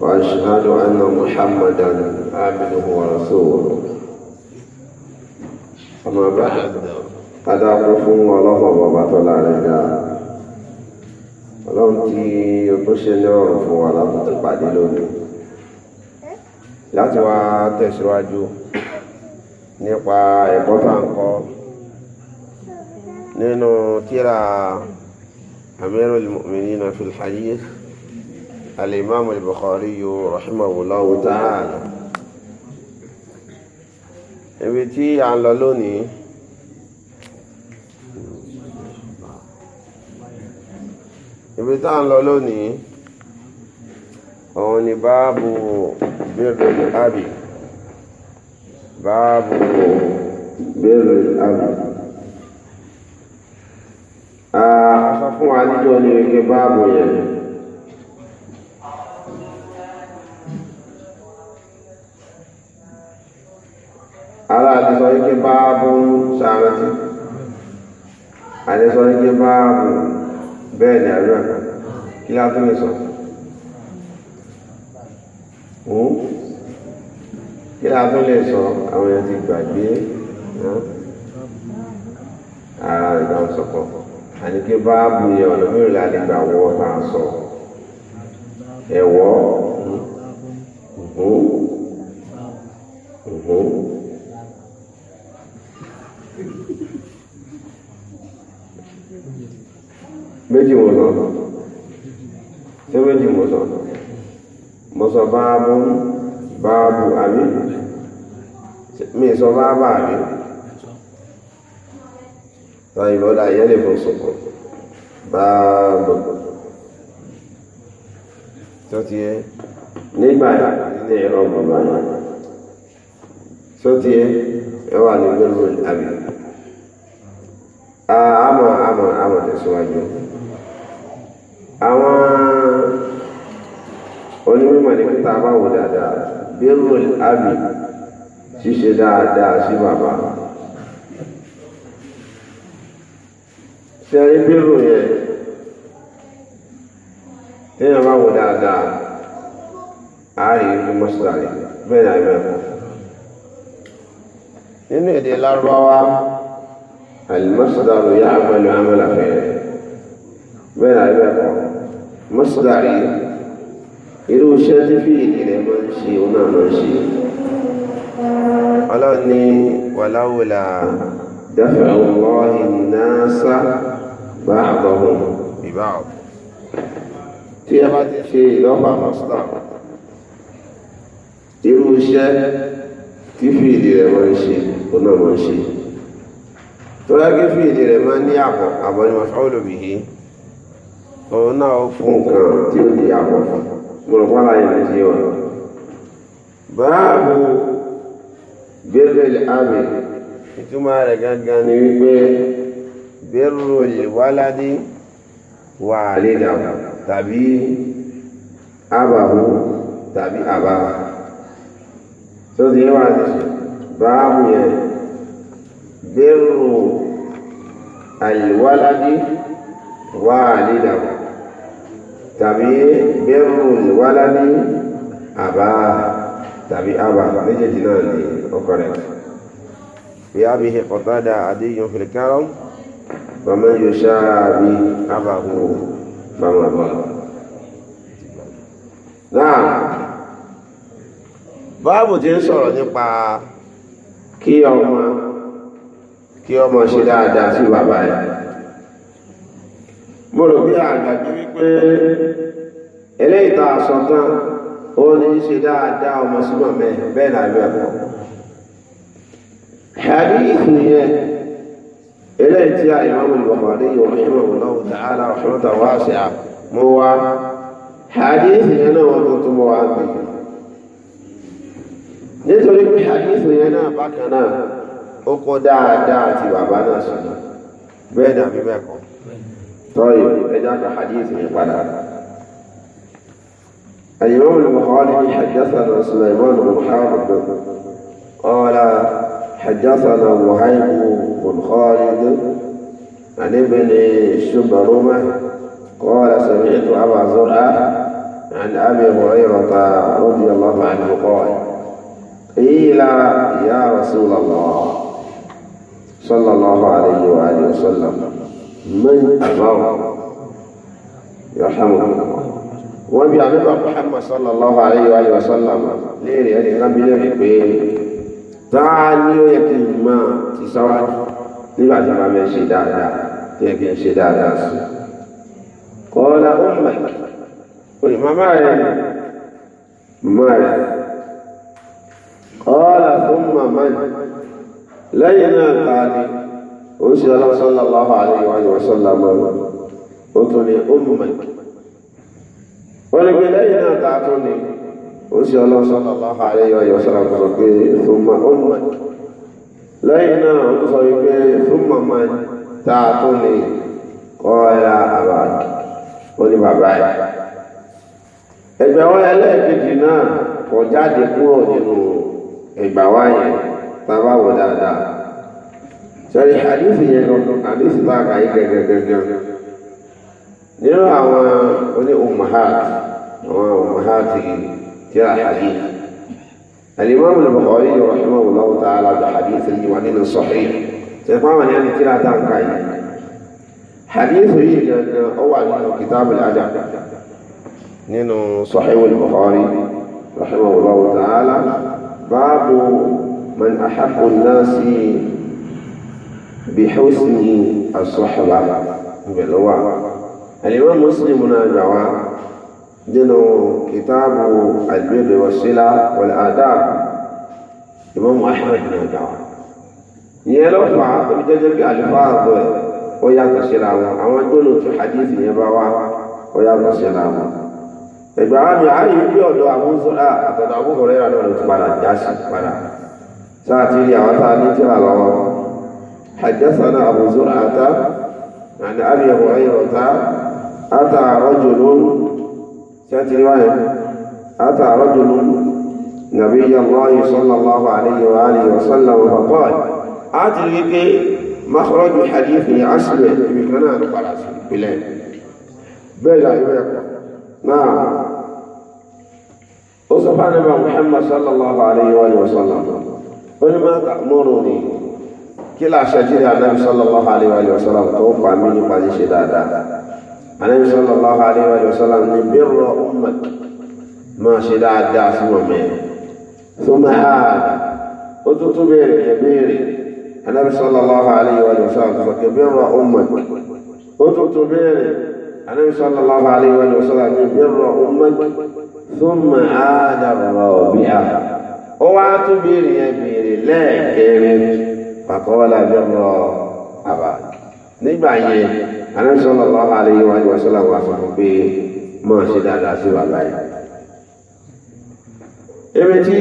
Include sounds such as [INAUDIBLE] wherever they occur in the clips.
وأشهد أن محمدا عبده ورسوله أما بعد هذا قفون والله وبعض العلماء ọlọ́run tí o tó ṣe ní ọ̀rọ̀ fún wa láti pàdé lónìí láti wá tẹ̀síwájú nípa ẹ̀kọ́ tá à ń kọ́ nínú tírà Amirul Mu'minina fil Hadith الإمام البخاري رحمه الله تعالى ibi tí a ń lọ lónìí ibi tá a ń lọ lónìí òun ni báàbù bírò àbí báàbù bírò àbí a sọ fún wa níjọ́ ní wípé báàbù yẹn. sọ wípé báàbù sáàrántì àdẹ́sọ wípé báàbù bẹ́ẹ̀ ni àríwá kan kí lá tó lè sọ kí lá tó lè sọ àwọn èèyàn ti gbàgbé ara ìgbà ń sọpọ̀ àti pé báàbù yẹn ọ̀nà mìíràn láti gbà wọ́ ọ̀tà sọ ẹ̀wọ́ òhún òhún. مجموع مجموع mọ̀sọ̀ báábú báábú àmì mi sọ báábú àmì báyìí bọ́dá ìyẹ́ lè fún sọ̀kọ̀ báábú tó ti yẹ nígbà ilé ẹ̀rọ bàbá yẹn tó ti yẹ ẹ wà ní gbẹ̀rù àmì ama ama àmọ̀ tẹ̀síwájú. àwọn onímọ̀ nípa bá wò dáadáa bírò àbí ṣíṣe dáadáa sí bàbá sẹ́rí bírò yẹn téèyàn bá wò dáadáa á rí ibi mọ́ṣúárì bẹ́ẹ̀ ni àìmọ̀ ẹ̀kọ́ nínú èdè lárúbáwá àlùmọ́ṣúárì yá àmàlù àmàlà fẹ́ẹ́ bẹ́ẹ̀ náà bẹ́ẹ̀ kọ́ mọ́sítárì irú iṣẹ́ tí fíìlì rẹ̀ máa ń ṣe òun náà máa ń ṣe ọlọ́run ní wàláwùlà dáfẹ́ ọ̀wọ́ ìnáṣá bá àbọ̀wọ̀ ìbá ọ̀ tí ẹ bá ti ṣe ìlọ́pàá mọ́sítà irú iṣẹ́ tí òun náà ó fún nǹkan tí ó di àpò mo rò pọ́nlá yìí ṣe wà. báàbù bẹ́rẹ̀ àmì ìtumọ̀ rẹ̀ gangan ni wípé bẹ́rù ìwáládé wà lédà tàbí àbàwò tàbí àbáwà tó wà ní báàbù yẹn bẹ́rù àìwáládé wà lédà tàbí bẹ́rùn wálá ní àbá tàbí àbá méjèèjì náà ní ọkọ̀ rẹ̀ bí a bí Qatada àdéyàn fìlìkárọ̀ bàmá yóò ṣáàbí àbá hù bàmá bàmá. náà báàbù ti ń sọ̀rọ̀ nípa kí ọmọ kí ọmọ ṣe dáadáa sí bàbá rẹ̀. mo rò pé wípé a ó ní ṣe dáadáa ọmọ sílọ mẹ́rin bẹ́ẹ̀ náà ẹ̀kọ́. hadith yẹn eléyìí tí a ìmọ̀ yóò fi mọ̀ wọn lọ́wọ́ ta'ala rahmatan wasi'a mo wá hadith yẹn náà wọ́n tó mọ́ wá nítorí pé náà bákan náà ó dáadáa àti bàbá náà sọ̀rọ̀ طيب رجعنا حديثه فلا الإمام البخاري حدثنا سليمان بن حارب قال حدثنا وهيب بن خالد عن ابن رومة قال سمعت أبا زرعة عن أبي هريرة رضي الله عنه قال قيل يا رسول الله صلى الله عليه وآله وسلم من أباه يرحمه الله وبي عبد محمد صلى الله عليه وآله وسلم ليري أن ربي يحبه تعالي يكن ما تسوى لبعد ما من شدادة يكن شدادة قال أمك قل ما مالي مالي قال ثم من لينا قال oríṣi ọlọ́sọ́lá lọ́wọ́ àríwá ìwọ̀sọ́lá mọ́lá ó tún ní olùmọ̀kì wọ́n lè gbé lẹ́yìn náà tá a tún ní oríṣi ọlọ́sọ́lá lọ́wọ́ àríwá ìwọ̀sọ́lá mọ́lá pé fúnmọ̀ olùmọ̀kì lẹ́yìn náà ó tún sọ wípé fúnmọ̀ mọ́ tá a tún ní kọ́ra àbàkì ó ní bàbá yìí ẹgbẹ́ wọn ẹlẹ́ẹ̀kejì náà kọjáde kúrò nínú ìgbà wáyé tá dáadáa sọ́rí àdéhùn yẹn lọ́dún àdéhùn bá kà yí gẹ́gẹ́gẹ́gẹ́ nínú àwọn oní umahat àwọn umahat tí a hadith alimami al-Bukhari rahimahullahu ta'ala da hadith yìí wà nínú sahih sẹ́fọ́n àwọn yẹn kí láta ń yìí hadith yìí ó wà nínú kitab al nínú sahih al-Bukhari rahimahullahu ta'ala báàbù man ahabbu an-nasi بحسن الصحبة بلوا الإمام مسلم نجوا جنو كتاب البر والصلة والآداب إمام أحمد نجوا يلو فا بجدك ألفاظ ويا تسلام أما جنو في حديث يبوا ويا تسلام إبراهيم علي بيودو أبو زرع أتدعو هريرة نجوا تبارا جاسد تبارا ساتيري أوتا نجوا لوا حدثنا أبو زرعة عن أبي هريرة أتى رجل سنة رواية أتى رجل نبي الله صلى الله عليه وآله وسلم فقال أدرك مخرج حديث عسل بكنا نقرأ بلاد بلا يبقى نعم وصفانا محمد صلى الله عليه وآله وسلم قل ما تأمرني kí la ṣe jírí anábì sallallahu alaihi wa sallam tó pa mí nípa ṣíṣe dáadáa anábì sallallahu alaihi wa sallam ní bírọ̀ ummak máa ṣe dáadáa sí wọn mẹ́rin tó máa ó tún tún béèrè yẹn béèrè anábì sallallahu alaihi wa sallam tó sọkè bírọ̀ ummak ó tún tó máa dàbọ̀ bí a fàkọ́ọ́lá bẹ́rọ àbá nígbà yẹn anáṣọ́lọ́ lọ́wọ́ àlẹ́ yìí wájú wàṣọ́lá wà fún un pé mọ̀ ṣe dáadáa sí wà láyé. ebi tí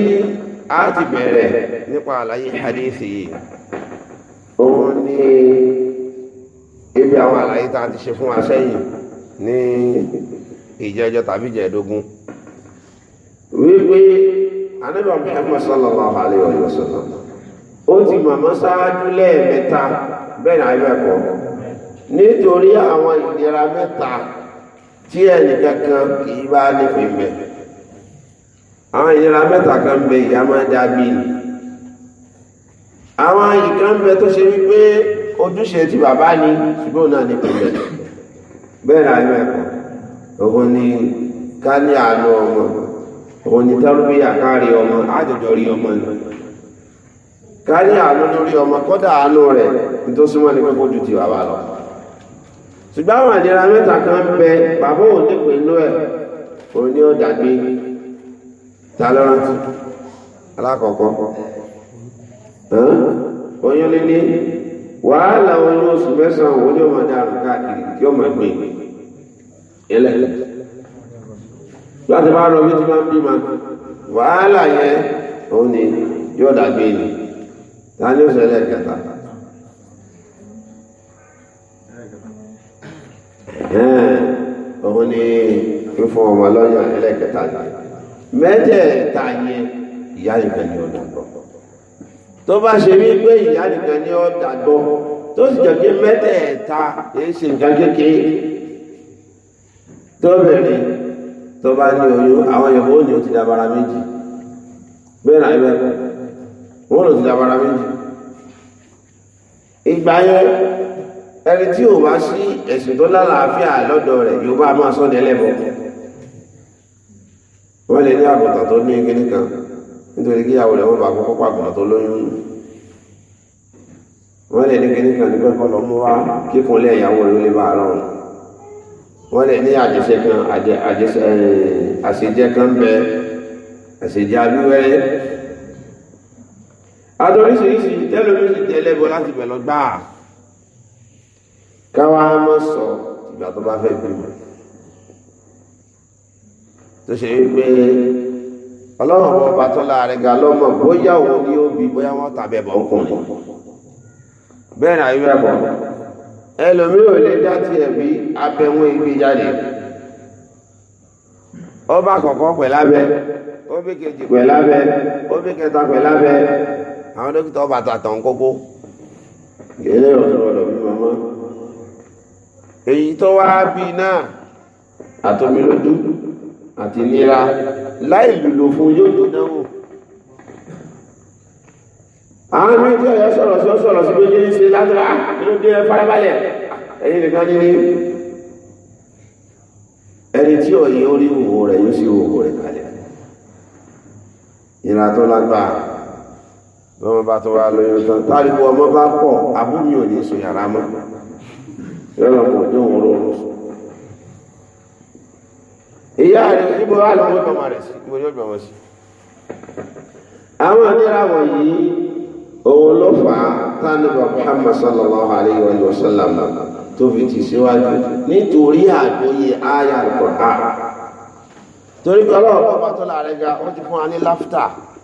a ti bẹ̀rẹ̀ nípa àlàyé hadithi yìí òun ni ibi àwọn àlàyé tá a ti ṣe fún wa sẹ́yìn ní ìjẹjọ tàbí ìjẹdógún wípé anábìyàn Muhammad sallallahu alayhi wa sallam ó ti màmá ṣáájú lẹ́ẹ̀mẹ́ta bẹ́ẹ̀ náà ibẹ̀ kọ́ nítorí àwọn ìlera mẹ́ta tí ẹnìkankan kì í bá nífẹ̀ẹ́ mẹ́ àwọn ìlera mẹ́ta kan bẹ ìyá máa dá bí ni àwọn ìkan bẹ tó ṣe wípé ojúṣe ti bàbá ni ṣùgbọ́n náà ní pẹ̀lẹ́ bẹ́ẹ̀ náà ibẹ̀ kọ́ òun ni ká ní àánú ọmọ òun ni tárúbíyà kárí ọmọ àjọjọ rí ọmọ náà ká ní àánú lórí ọmọ kọ́dà àánú rẹ̀ tó súnmọ́ ní kókó ju ti wà wà lọ ṣùgbọ́n àwọn àdíra mẹ́ta kan bẹ bàbá òun nípe inú ẹ̀ òun ní ọ̀dà gbé ta lọ́rántí alákọ̀ọ́kọ́ oyún wàhálà oyún oṣù mẹ́sàn-án òun ní ọmọ dàrú káàkiri tí gbé bá rọ bí ti máa ń bímọ wàhálà yẹn òun ni yóò dàgbé ta ni ó sọ ẹlẹ́ẹ̀kẹta òun ni fífún ọmọ lọ́yàn ẹlẹ́ẹ̀kẹta yẹn mẹ́tẹ̀ẹ̀ta yẹn ìyá nìkan ni ó dàgbọ́ tó bá ṣe wí pé ìyá nìkan ni ó dàgbọ́ tó sì jẹ́ pé mẹ́tẹ̀ẹ̀ta èyí ṣe nǹkan kékeré tó bẹ̀rẹ̀ tó bá ní oyún àwọn ìyàwó ni ó ti dàbára méjì bẹ́ẹ̀ náà ẹ bẹ́ẹ̀ bẹ́ẹ̀ wọ́n lò ti dabara méjì ìgbà yẹn ẹni tí ò bá sí ẹ̀sìn tó lálàáfíà lọ́dọ̀ rẹ̀ yóò bá máa sọ́dẹ̀ lẹ́bọ̀ wọ́n lè ní àgùntàn tó ní kíní kan nítorí kí àwọn ẹ̀wọ̀n bá kọ́kọ́ pàgùntàn tó lóyún wọ́n lè ní kíní kan nígbà kan lọ mú wá kíkun lé ìyàwó rẹ̀ lè bá a rọrùn wọ́n lè ní àjẹsẹ́ kan àjẹsẹ́ àṣejẹ́ kan bẹ àṣejẹ́ abíwẹ́rẹ́ adoríṣiríṣi tẹ́lómi sì tẹ́lẹ̀ bọ́ láti bẹ̀ lọ gbáà káwa mọ̀ sọ ìgbà tó bá fẹ́ bímọ tó ṣe wípé ọlọ́run bọ́ ọba tó láàrin ga lọ́mọ bóyá òun ni ó bí bóyá wọ́n tàbí ẹ̀bọ̀ ọkùnrin bẹ́ẹ̀ náà yóò ẹ̀bọ̀ ẹlòmí ò lè dá tiẹ̀ bí abẹ́wọ́n igi jáde ọba kọ̀ọ̀kan pẹ̀lábẹ́ ó bí kejì pẹ̀lábẹ́ ó bí kẹta pẹ̀lábẹ́ àwọn dókítà ọba àtàtàn kókó ilé ọ̀dọ̀ọ̀dọ̀ bí màmá èyí tó wá bí náà àtòmí àti nira láì lùlò fún yóò tó dánwò àwọn ẹgbẹ́ ọ̀yọ́ sọ̀rọ̀ sí ọ̀sọ̀rọ̀ sí méjì ń ṣe lásìrá inú ah, dé farabalẹ̀ ẹ̀yìn nìkan ní ní ẹni tí ọ̀yẹ́ orí òwò rẹ̀ yóò sí òwò rẹ̀ kalẹ̀ ìrà tó lágbára lọ́mọ bá tó ya lóyún tán táriwo ọmọ bá pọ̀ abúmi ò ní sùn yàrá mọ́ yọ̀rọ̀ kò ní òun rọrùn sùn. ìyá rẹ̀ níbo wà lọ́wọ́ ìbọn rẹ̀ sí níbo yóò gbọmọ sí. àwọn ìdíra wọ̀nyí òun ló fà á Muhammad sallallahu alayhi wa sallam tó fi síwájú nítorí àgbóyè torí bá tó fún wa ní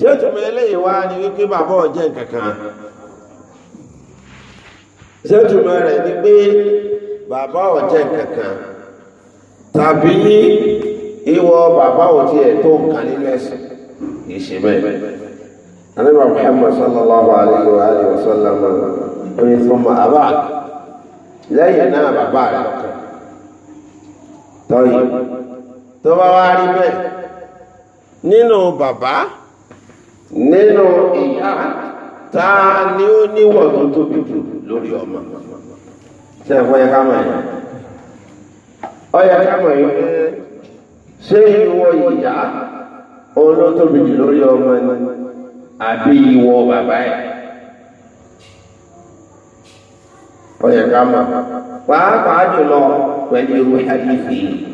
ṣé tòmí eléyìí wá ní wípé bàbá ọ̀jẹ́ kankan ṣé tòmí rẹ̀ ni pé bàbá ọ̀jẹ́ kankan tàbí ìwọ bàbá òtí ẹ̀ tó nǹkan nínú ẹ̀sìn kì í ṣe bẹ́ẹ̀. anábà Muhammad sallallahu alayhi wa alayhi wa sallam oyin fún ma àbá lẹ́yìn náà bàbá rẹ̀ tọ́yìn tó bá wá rí bẹ́ẹ̀ nínú bàbá nínú ìyá ta ni ó níwọ̀ tó tóbi jù lórí ọmọ ṣe ẹ̀fọ́ yẹ ká mọ̀ yẹn ọ yẹ ká mọ̀ yẹn ṣé ìwọ ìyá òun ló tóbi jù lórí ọmọ ni àbí ìwọ bàbá ẹ̀ ọ yẹ mọ̀ pàápàá jùlọ pẹ̀lú ìwé àdìsí yìí.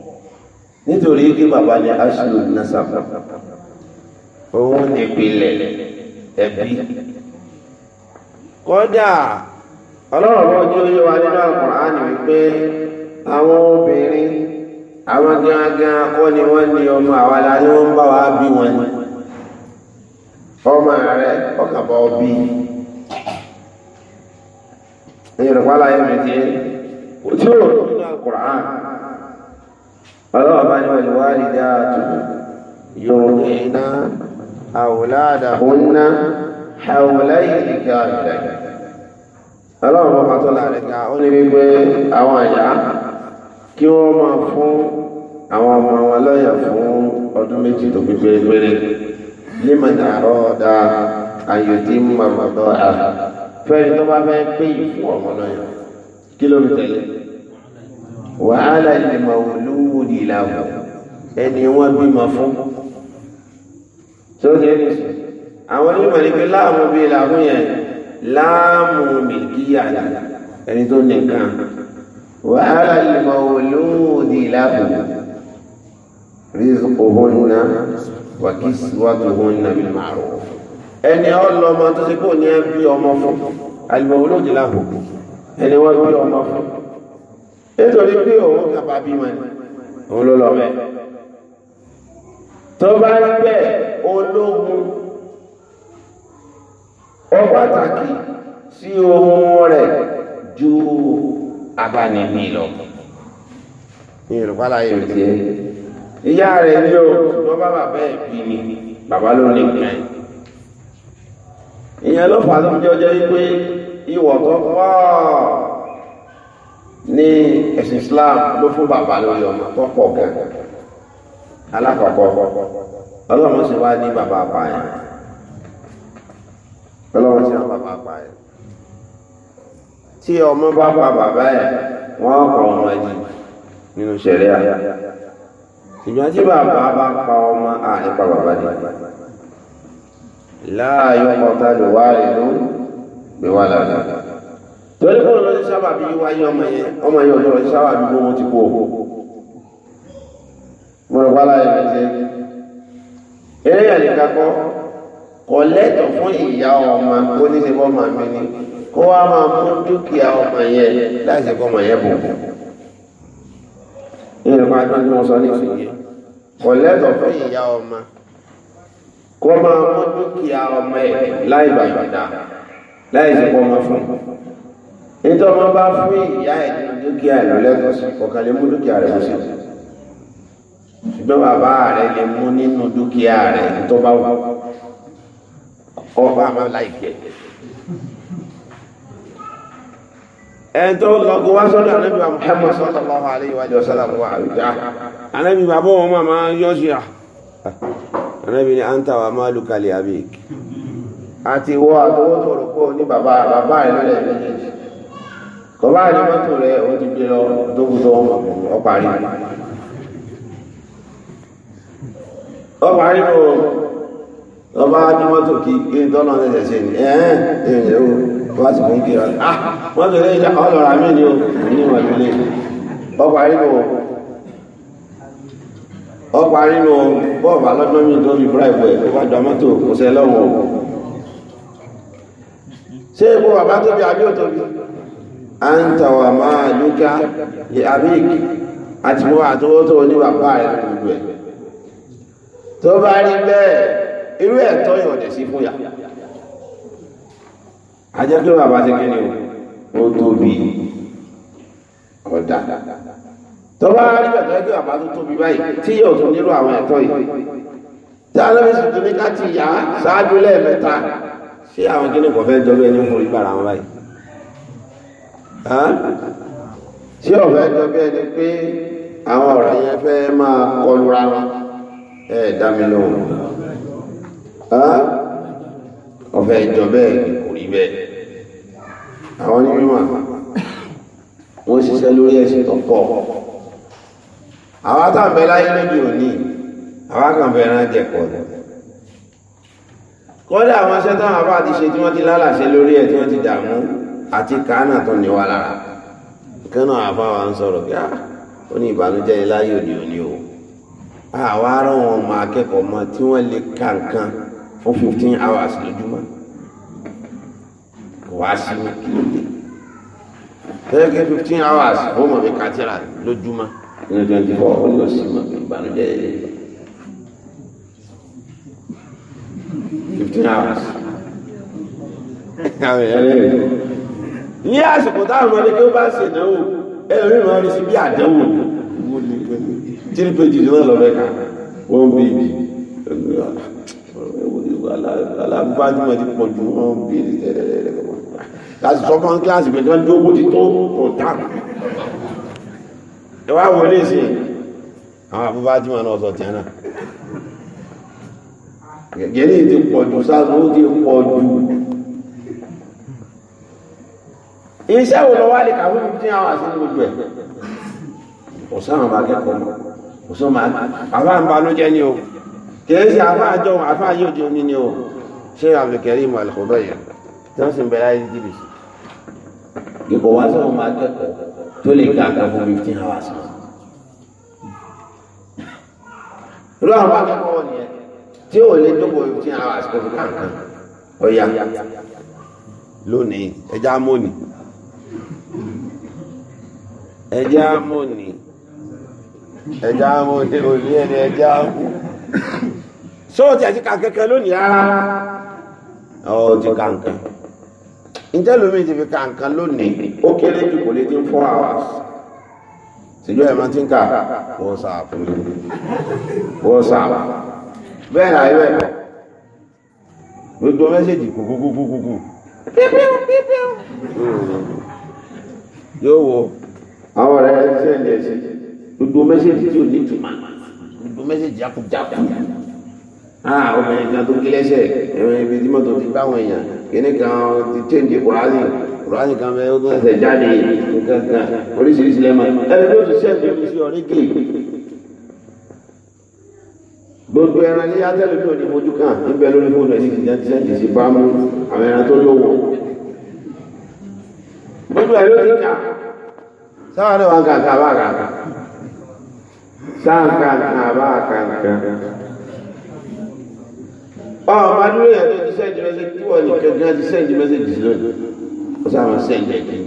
nítorí kí bàbá ní na nasaba òun nípìnlẹ̀ ẹbí kódà ọlọ́run bọ́ ojú oyé wa nínú àkùnrán wípé àwọn obìnrin àwọn gangan kọ́ ni ní ọmọ la ni wọ́n bá wa bí wọn ni ọmọ rẹ ọkàbọ̀ ọbí ìrọ̀pálá ya ti tí nínú ọlọ́wọ́ bá ní walwalidatu yurdi'na awladahunna hawlayni kamilayni ọlọ́wọ́ bá pàtó láàrin ká ó ní wípé àwọn àyà kí wọ́n máa fún àwọn ọmọ wọn lọ́yà fún ọdún méjì tó fi pérépéré ìlàwọ ẹni wọn bímọ fún sókè ẹni sùn àwọn onímọ̀ ní pé láàmú bíi làwọn yẹn láàmú mìlíkìyà ẹni tó nìkan wàhálà ìmọ̀ olóòdì ìlàbù rizquhunna wa kiswatuhunna bil ma'ruf ẹni ọlọmọ tó ti kó ní ẹbí ọmọ fún àlùmọ̀ olóòdì làwọn ẹni wọn bí ọmọ fún nítorí pé òun kàbà bímọ ni òun ló lọ bẹ tó bá ń bẹ ológun ó pàtàkì sí ohun rẹ̀ ju abánimí lọ. yorùbá la yẹ tiẹ ìyá rẹ̀ ní o ló bá bàbá ẹ bí ni bàbá ló ní pẹ ìyẹn ló fà á tó ń jọjọ yí pé tó pọ̀ ní ẹ̀sìn Islam ló fún bàbá lórí ọmọ tó pọ̀ gan alákọ̀ọ́kọ́ ọlọ́run sì wá ní bàbá apààyàn ọlọ́run sì wá bàbá apààyàn tí ọmọ bá pa bàbá ẹ̀ wọ́n kọ̀ ọmọ ẹ̀jì nínú ṣẹ̀rẹ́ àyà ìgbà tí bàbá bá pa ọmọ àìpa bàbá ni láàyò kọta lè wá rè ló gbé wá lálẹ́ torí kó lọ sí sábà bí wáyé ọmọ yẹn ọmọ yẹn ọdọ lọ sí sábà bí ti kú o mo rò wá láyé rẹ jẹ eré yàrá ìkakọ kò lẹ́tọ̀ fún ìyá ọmọ kó ní ṣe bọ́ọ̀mà mi ni kó wá máa mú dúkìá ọmọ yẹn láì ṣe bọ́ọ̀mà yẹn bò bò ní ìrìnkọ́ adúlọ́ tí wọ́n sọ ní ìsìnkú kò lẹ́tọ̀ fún ìyá ọmọ kó máa mú dúkìá ọmọ yẹn láì bàbàdà láì ṣe bọ́ọ̀mà fún ètò ọmọ bá fún ìyá ẹ̀ nínú dúkìá ẹ̀ lọ́lẹ́kọ̀ọ́ sí ọ̀kan lè mú dúkìá rẹ̀ wọ́n sí ṣùgbọ́n bàbá rẹ̀ lè mú nínú dúkìá rẹ̀ tó bá wù ọba àmà láìpẹ́ ẹni tó lọ́gọ́ wá sọ́dọ̀ anábì Muhammad sallallahu alaihi wa sallam wà àwùjá anábì bàbá wọn máa yọ́ sí à anábì ni anta wa maluka li abik àti wọ́ àtọwọ́ tó rò pé ní bàbá bàbá rẹ̀ lọ́lẹ̀ méjèèjì kọba àdìmọ́tò rẹ ó ti gbé lọ ọparí ọparí o ọba àdìmọ́tò kí kí n tọ́nà ṣẹ̀ṣẹ̀ ṣe ni ẹ̀ẹ́n ẹ̀ẹ́n o wá sí fún kí ọ̀la ah mọ́tò rẹ ìjà ọlọ́ra mi ni o ní ìmọ̀lẹ́lẹ́ ọparí o ọparí o bọ́ọ̀bù alọ́dún mi tó fi bíráìbù ẹ̀ ó bá mọ́tò kó sẹ́ lọ́wọ́ ṣé ikú bàbá tóbi àbí òtóbi anta wa maluka li abik àti mọ́ àtọwọ́tọ́ ní bàbá rẹ̀ gbogbo ẹ̀ tó bá rí bẹ́ẹ̀ irú ẹ̀tọ́ ìrọ̀dẹ̀ sí fún yà a jẹ́ pé bàbá ti kíni ó tóbi ọ̀dà tó bá rí bẹ́ẹ̀ tó ẹgbẹ́ bàbá tó tóbi báyìí tí yóò tún nílò àwọn ẹ̀tọ́ yìí tí alẹ́bí sì tún ní ká ti yà á ṣáájú lẹ́ẹ̀mẹ́ta sí àwọn kíni kò fẹ́ jọ bẹ́ẹ̀ ní ṣé ọ̀fẹ́ jọ bí ẹni pé àwọn ọ̀rọ̀ yẹn fẹ́ máa kọlu rárá ẹ̀ dá mi lóhùn ọ̀fẹ́ jọ bẹ́ẹ̀ kò rí bẹ́ẹ̀ àwọn ní mímọ̀ wọ́n ṣiṣẹ́ lórí ẹ̀sìn tó pọ̀ àwọn àtàbẹ̀ láyé lójú òní àwọn àkànfẹ́ rán jẹ̀kọ̀ọ́ kọ́dà àwọn ṣẹ́tàn àbá àti ṣe tí wọ́n ti lálàṣẹ lórí ẹ̀ tí wọ́n ti dààmú àti kánà tó ní wa lára nǹkan náà àfa wa ń sọ̀rọ̀ kí ah, ó ní ìbànújẹ́ iláyò ní òní o àwa ará wọn ọmọ akẹ́kọ̀ọ́ mọ tí wọ́n lè ka nǹkan fún fifteen hours lójúmọ́ wàá sí mi kí ló dé tẹ́lẹ̀kẹ́ fifteen hours wọ́n mọ̀ mi kátìrà lójúmọ́ nínú twenty four ó lọ sí mọ̀ ìbànújẹ́ ilé fifteen hours. [LAUGHS] ní àsìkò táwọn ọmọdé kí ó bá ṣe ìdánwò ẹ̀rọ ìrìnà rí sí bí àdánwò tírí péjì ní wọ́n lọ mẹ́ka wọ́n bí ibi alábájúmọ̀ ti pọ̀ jù wọ́n bí láti sọ fún kíláàsì pé kí wọ́n jó owó ti tó kò tán ẹ wá wọlé sí àwọn àbúbájúmọ̀ náà sọ tiẹ̀ náà gẹ́gẹ́ ní ti pọ̀ jù sáà ó ti pọ̀ jù iṣẹ́ wo lọ wá lè kàwé fifteen hours ní gbogbo ẹ̀ kò sáwọn ọmọ akẹ́kọ̀ọ́ mọ́ kò sọ ma àfa ń banújẹ́ ni o kìí ṣe àfa àjọ àfa ayé òde omi ni o ṣé àbùkẹ́rì ìmọ̀ àlùkòdọ̀ yẹn tí wọ́n sì ń bẹ̀rẹ̀ ayé jìbì sí. ipò wá sọ ọmọ akẹ́kọ̀ọ́ tó lè ká àkàfọ fifteen hours mọ́. irú àwọn akẹ́kọ̀ọ́ nìyẹn tí ò lè dókòó fifteen hours pẹ̀lú kankan ọ̀ya ẹja mú ni ẹja mú ni òní ẹni ẹja mú sóòtì àti kàkẹ́kẹ́ lónìí rárá ọ̀ ti kàǹkàn ǹjẹ́ lómi ti fi kàǹkàn lónìí ó kéré jù kò lè ti four hours síjọ́ ẹ̀mọ́ tí ń kà WhatsApp ni WhatsApp bẹ́ẹ̀ náà ibẹ̀ gbogbo mẹ́sẹ̀jì kúkúkúkúkú yóò wo àwọn ọ̀rẹ́ rẹ ṣe ẹ̀jẹ̀ sí gbogbo mẹ́sẹ̀jì tí ò ní ìtumọ̀ gbogbo mẹ́sẹ̀jì jákujáku ah obìnrin kan tó kílẹ̀ṣẹ̀ ẹ̀rọ ibi tí mọ́tò ti bá àwọn èèyàn kíní kan ti change kùránì kùránì kan bẹ́ẹ̀ ó tún ẹsẹ̀ jáde nǹkan kan oríṣiríṣi lẹ́mọ̀ ẹni tó ti ṣẹ́ẹ̀dì omi sí ọ̀rígì gbogbo ẹran ní atẹ́lẹ̀ tó ní mojú kan níbẹ̀ lórí fóònù ẹni ìdíjẹ́ ti ṣẹ́ẹ̀dì sí bámú àwọn ẹran tó lówó gbogbo ẹ̀ sáwọn náà wọn kàkà bá kàkà sáwọn kàkà bá kàkà ọ ma dúró yẹn tó ti sẹ́ǹdì mẹ́sẹ̀gì tí wọ́n ní kẹ́kẹ́ ti sẹ́ǹdì mẹ́sẹ̀gì sí lónìí ó sáwọn sẹ́ǹdì ẹ̀jẹ̀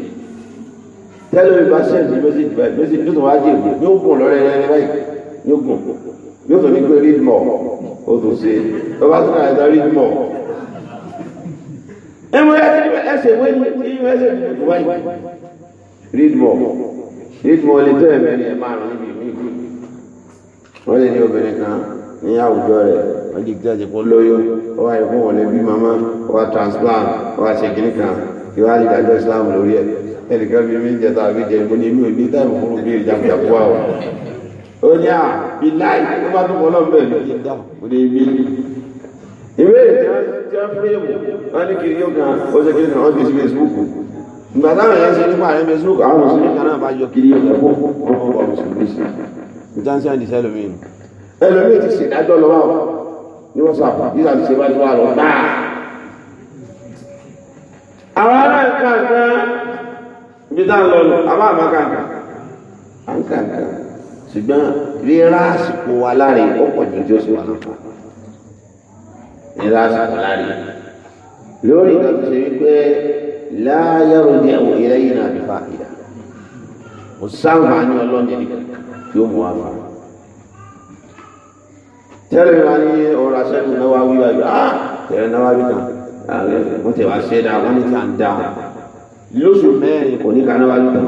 tẹ́lẹ̀ mi bá sẹ́ǹdì mẹ́sẹ̀gì báyìí mẹ́sẹ̀gì tó tó wá dé ìwé yóò gùn lọ́rẹ́ rẹ́ báyìí yóò gùn yóò tó ní pé rí mọ̀ ó tó ṣe ó bá tún àìsàn rí mọ̀. ẹ mọ ẹsẹ̀ wẹ́ẹ́ ní ẹsẹ̀ wẹ́ẹ́ ní ẹsẹ̀ wẹ́ẹ́ ní ìdí wọn lè tó ẹ̀mẹ́ ní ẹ̀ márùn níbi ìmí ìlú wọ́n lè ní obìnrin kan ní àwùjọ rẹ̀ wọ́n di gbé ẹ̀jẹ̀ fún lóyún ó wá ìfún wọn lè bí màmá ó wá transplant ó wá ṣe kìnnì kan kí wọ́n á lè dájọ́ Islam lórí ẹ̀ ẹnìkan bí mi ń jẹ tàbí jẹ ìbò ní mi ò ní táìmù fún bí ìjàmbá ìjàmbá wà ó. ó ní à ìláì tó bá tó bọ́lọ́ bẹ́ẹ̀ ló ti dá òde ibi. ìwé ìtẹ́ wọn ti fẹ́ fúrẹ́mù wọn ní kiri yóò kan ó ṣe kiri kan ó ti sí Facebook ìgbà táwọn èèyàn ṣe nípa àrẹ facebook àwọn mùsùlùmí kan náà bá yọ kiri ilẹ̀ fún ọmọ ọba mùsùlùmí sí ìjánsẹ́ àti ìṣẹ́ ẹlòmíì nù ẹlòmíì ti ṣèdájọ́ lọ́wọ́ ní wọ́n sọ àpá yíyá ti ṣe bá ti wà lọ bá. àwọn ará ìkàǹkà ibi tá à ń lọ lọ àbá àmà kàǹkà à ń kàǹkà ṣùgbọ́n rírá àsìkò wa láre ó pọ̀ ju tí ó sì wà náà rírá àsìkò láre lórí ìgbà ṣe wípé láyàrò ní ẹ̀wọ̀n ilẹ̀ yìí náà nípa ìdá kò sáǹfà ní ọlọ́ọ̀dẹ nìkan yóò mú wa fà á. tẹ́lẹ̀ wá ní ọ̀rọ̀ aṣẹ́gun náà wá wí wáyé á tẹ̀lé náà wá wí ah, kan wọ́n tẹ̀ wá ṣẹ́ dáa wọ́n ní ká ń dá lóṣù mẹ́rin kò ní ká náà wá wí kan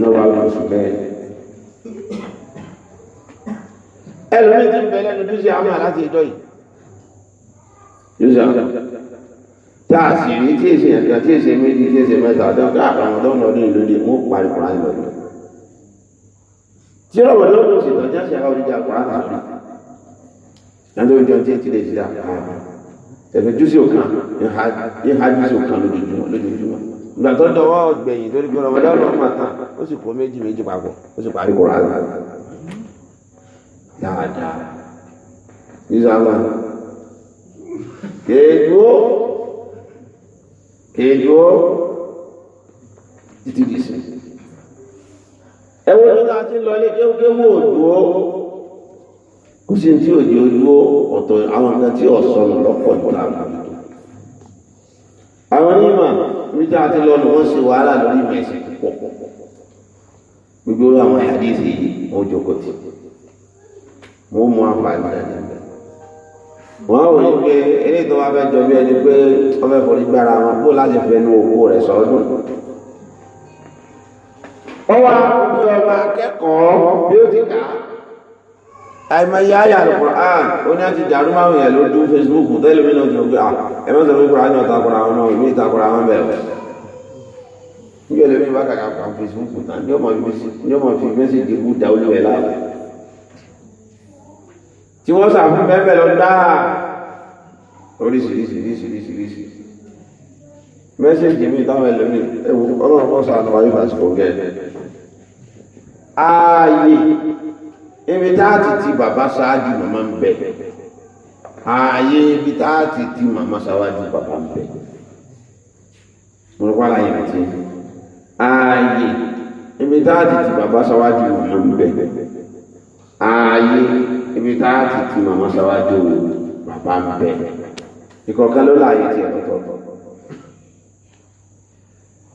náà wá wí lóṣù mẹ́rin. ẹlòmíì ti ń bẹ lẹ́nu tó ṣe àmà láti ìjọ yìí tá a sì rí tí èsì ẹ̀ka tí èsì méjì tí èsì mẹ́ta dáadáa àwọn ọlọ́run ọdún ìlú ni mú parí kùrán lọ yìí tí ọ̀rọ̀ lọ́dún sì tọ́jà sí àwọn oníjà kùrán àbí ẹni oúnjẹ tí ètí lè ṣe àpá ẹ̀fẹ̀ jùsí òkan ìhà jùsí òkan lójoojúmọ́ lójoojúmọ́ ìgbà tó dọwọ́ gbẹ̀yìn lórí gbọ́n ọmọdé ọlọ́run máa tán ó sì kó méjì méjì papọ̀ ó sì parí kùrán dáadáa ìzàmà kéèkó èlò títí di sí. ẹwọ́n nígbà tí ń lọ ilé kéwkéwò òdúró kò sí tí òjì òdúró ọ̀tọ̀ àwọn nǹkan tí ọ̀sọ̀nù lọ́pọ̀ ìgbà àwọn onímọ̀ níta àti lọ́nà wọ́n ṣe wàhálà lórí mẹ́sì púpọ̀ gbogbo àwọn àdéhìí wọn jókòó tì wọ́n mú àǹfààní dáadáa wọ́n wò ó pé eré tó wá fẹ́ jọ bí ẹni pé wọ́n fẹ́ forí gbára wọn kó láti fẹnu òkú rẹ̀ sọ́dún. ó wá bí ọmọ akẹ́kọ̀ọ́ bí ó ti kà á àìmọye ayé alukur'an ó ní àti dàrú máa ń yẹn ló dún facebook tẹ́lẹ̀ mi náà ti gbé à ẹ mọ́ sọ pé kura ní ọ̀tá kura àwọn náà ìmí ìta kura bẹ̀rẹ̀ níbi ẹlẹ́mi bá kàkà kà facebook tán ní ọmọ fi mẹ́sì dìbò dáwọ́ láàbẹ̀ tí wọ́n sàfún bẹ́ẹ̀ lọ dáa oríṣiríṣiríṣiríṣiríṣi mẹ́sẹ̀jì mi táwọn ẹlòmíì ẹ̀wù ọlọ́run kan sàánú wáyé fásitì ọ̀gẹ́ ààyè ibi táàtì ti bàbá ṣáájú màmá ń bẹ ààyè ibi táàtì ti màmá ṣáájú bàbá ń bẹ mo rọ́ pàlà yẹn ti ààyè ibi táàtì ti bàbá ṣáájú màmá ń bẹ ààyè ibi tá a ti ti màmá ṣáwájú bàbá ń bẹ ìkọ̀ọ̀kan ló láàyè tiẹ̀ tọ̀tọ̀.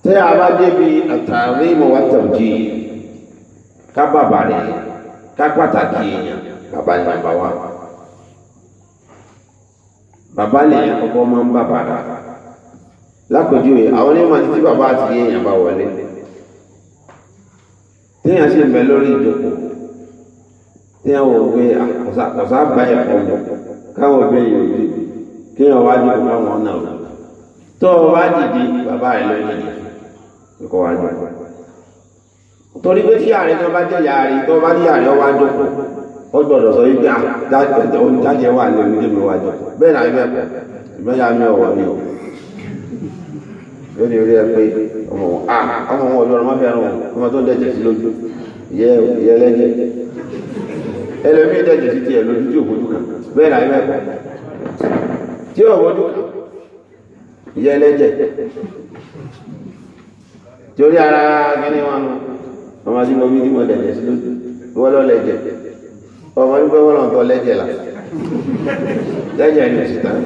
tẹ́ a bá débi àtàrí ìmọ̀wá tẹ̀wọ̀jì ká bàbá rẹ̀ ká pàtàkì èèyàn bàbá ni bàbá wa. bàbá lèèyàn kọ́kọ́ máa ń bàbá rà lápèjúwe àwọn onímọ̀ títí bàbá àti èèyàn bá wọlé téèyàn sì ń bẹ lórí ìjókòó tí wọn ò gbé àkọsá gba ẹ̀kọ́ lọ káwọn ọbẹ yìí ò dé kí wọn wá dìbò káwọn náà lọ tó o wá dìde bàbá rẹ lọ dìde kó wá jọ torí pé tí ààrẹ náà bá jẹ yàrá tó bá ní ààrẹ wá jọ ó gbọ́dọ̀ sọ yìí pé oníjáde wà ní onídé mi wá jọ bẹ́ẹ̀ náà ibẹ̀ pẹ ìbẹ̀ yà mí ọwọ́ mi o yóò ní orí ẹ pé ọmọ wọn ọmọ wọn ọjọ́ ọmọ fẹ́ràn ọmọ tó ń dẹjẹ sí lójú yẹ yẹ lẹjẹ ẹlòmíì dẹ̀jẹ̀ sí ti ẹ̀ lójú tí òbójú kan bẹ́ẹ̀ náà ẹ̀mẹ́ kan tí òbójú kan ìyá ẹlẹ́jẹ̀ torí ara kíní wọn nù ọmọ tí mo bí tí mo dẹ̀jẹ̀ sí lójú wọ́n lọ lẹ́jẹ̀ ọmọ nígbà wọ́n lọ́n tọ́ lẹ́jẹ̀ là lẹ́jẹ̀ ni òsì tán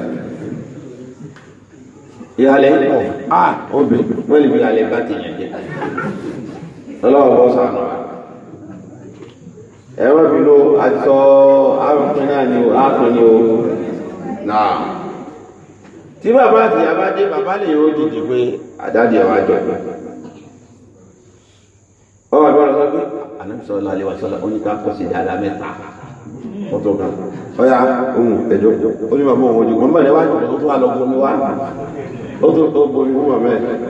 ìhàlẹ̀ ń pọ̀ ah obìnrin wọ́n lè fi ìhàlẹ̀ bá ti yàn jẹ́ ọlọ́wọ́ bọ́ sànù wa ẹ wọ́n mi lo àtọ àrùnpín náà ni o àpín ni o náà tí bàbá àti ìyá bá dé bàbá lè yóò dìde pé àdáde ẹ̀ wá jọ ẹ̀ ọwọ́ ìbára sọ pé ànábìsọ lálẹ́ wa sọlá oníkà kọ́ sí dáadáa mẹ́ta mọ́tò kan ọ̀yà ohun ẹ̀jọ́ ó ní bàbá òun ojú wọn bẹ̀rẹ̀ wájú ó tún wà lọ bomi wá ó tún bomi fún màmá ẹ̀.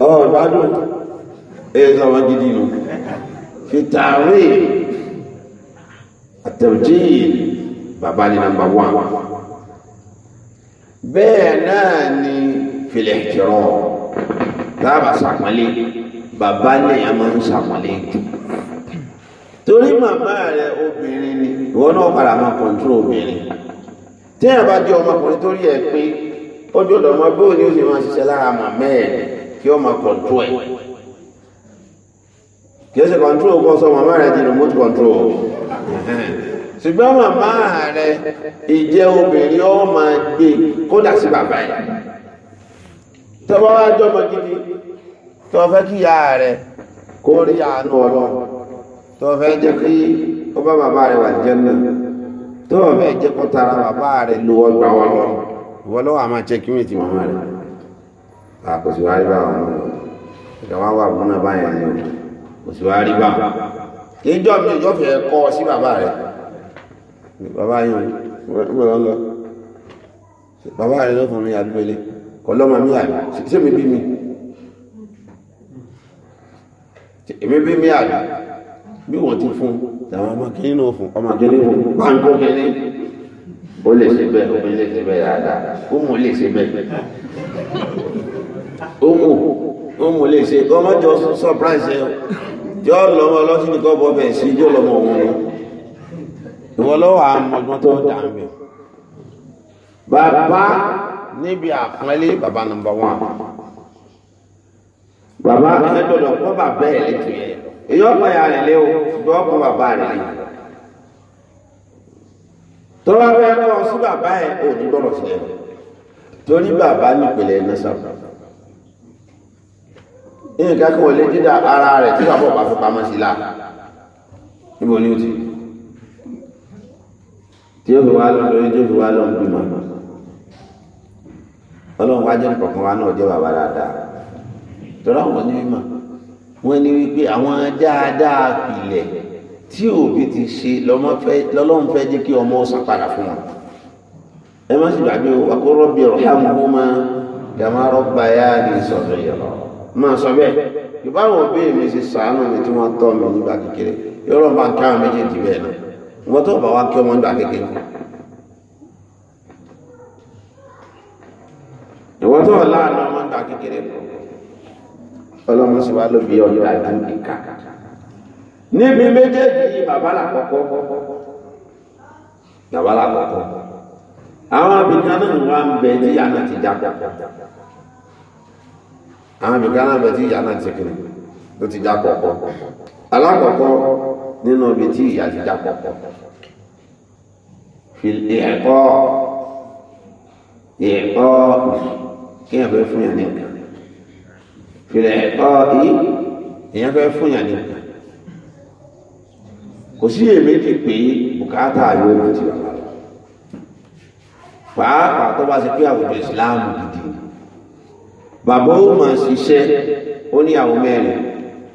ọ gbádùn ẹ sọ wọn gidi nù fìtàwé àtẹ̀wòjì bàbá ní nàmbà wà bẹ́ẹ̀ náà ni filẹ̀ jọrọ táàbà sàpọ́nlé bàbá ní àmọ́ ń sàpọ́nlé jù torí màmá rẹ obìnrin ni ìwọ náà padà máa kọ̀ǹtúrò obìnrin tí ẹ bá jẹ ọmọkùnrin tó rí pé ọjọ́ ọ̀dọ̀ ọmọ bóyá ni ó sì máa ṣiṣẹ́ lára màmá kí ọ máa kọ̀ǹtró ẹ̀ kìí ṣe kọ̀ǹtró kan sọ màmá rẹ̀ di remote control ṣùgbọ́n màmá rẹ̀ ìjẹ́ obìnrin ọ máa gbé kódà sí bàbá ẹ̀ tọ́wọ́ wá jọmọ gidi tó fẹ́ kí ìyá rẹ̀ kó rí àánú ọlọ́run tó fẹ́ jẹ́ kí ó bá bàbá rẹ̀ wà jẹ́ náà tó fẹ́ jẹ́ kó tara bàbá rẹ̀ lọ́wọ́ gbà wọ́n lọ́wọ́ lọ́wọ́ àmà checkmate màmá rẹ̀ àkòsí wa rí báwọn ọmọ ìjọ wọn wà fún náà báyẹn ni kò sí wa rí báwọn ìjọ mi ìjọ fẹ́ kọ́ ọ sí bàbá rẹ bàbá yìí wọ́n lọ lọ bàbá rẹ lọ́fún mi àdúgbélé kọlọ́mọ mi àbí ṣé mi bí mi èmi bí mi àbí bí wọ́n ti fún àwọn ọmọ kìíní náà fún ọmọ kìíní fún báńkó kìíní ó lè ṣe bẹ́ẹ̀ ó lè ṣe bẹ́ẹ̀ dáadáa ó mú lè ṣe bẹ́ẹ̀ ọmọ ọmọ lè ṣe ọmọ jọ surprise ẹ jọ lọmọ ọlọ́sìn ní kọ́ bọ́ bẹ̀ sí jọ lọmọ ọmọ náà ìwọ lọ́wọ́ àmọ́gbọ́n tó dà ń bẹ̀. bàbá níbi àpọ́nlé bàbá nọ́mbà wọn. bàbá ẹgbẹ̀rún ọ̀pọ̀ bàbá ẹ̀ lẹ́tù yẹn. èyí ọ̀pọ̀ ya rẹ̀ lé o ṣùgbọ́n ọ̀pọ̀ bàbá rẹ̀ lé. tọ́wọ́ bẹ́ẹ̀ lọ́wọ́ sí bàbá ẹ̀ ò ní gbọ́dọ̀ sílẹ̀. torí bàbá nípìnlẹ̀ náà nǹkan kan ò lè dídá ara rẹ̀ tí bàbá ọba fi pamọ́ sí la níbo ni ó ti tí ó fi wá lọ lórí tí ó fi wá lọ ń bímọ ọlọ́run wá jẹ́ nǹkan wa náà jẹ́ bàbá dáadáa tọ́lá àwọn ní mímọ̀ wọ́n ní wípé àwọn dáadáa pilẹ̀ tí òbí ti ṣe lọ́lọ́run fẹ́ jẹ́ kí ọmọ ó san padà fún wọn ẹ má sì gbàgbé wa qul rabbi irhamhuma kama rabbayani saghira máa sọ bẹ́ẹ̀ ìbáwọn òbí mi ṣe sàánù mi tí wọ́n tọ́ mi nígbà kékeré yọrọ bá ń káwọn méjèèjì bẹ́ẹ̀ náà wọ́n tó bá wá kí ọmọ nígbà kékeré ìwọ́n tó wà láàánú ọmọ nígbà kékeré ọlọ́mọ sì wá níbi méjèèjì bàbá bàbá àwọn náà wà ń bẹ ti dá àwọn ibìkan náà bẹ tí ìyá náà ti kiri ló ti já kọ̀ọ̀kọ̀ alákọ̀ọ́kọ́ nínú ibi tí ìyá ti já kọ̀ọ̀kọ̀ ìkọ́ ìkọ́ kí ẹ̀ fẹ́ fún yàn ní nǹkan fìlẹ̀ ẹ̀kọ́ yìí èèyàn fẹ́ fún yàn ní nǹkan kò sí èméjì pé bùkátà yóò ti wà pàápàá tó bá ṣe pé àwùjọ ìsìláàmù gidi bàbá ó mà ṣiṣẹ́ ó ní àwọn mẹ́rin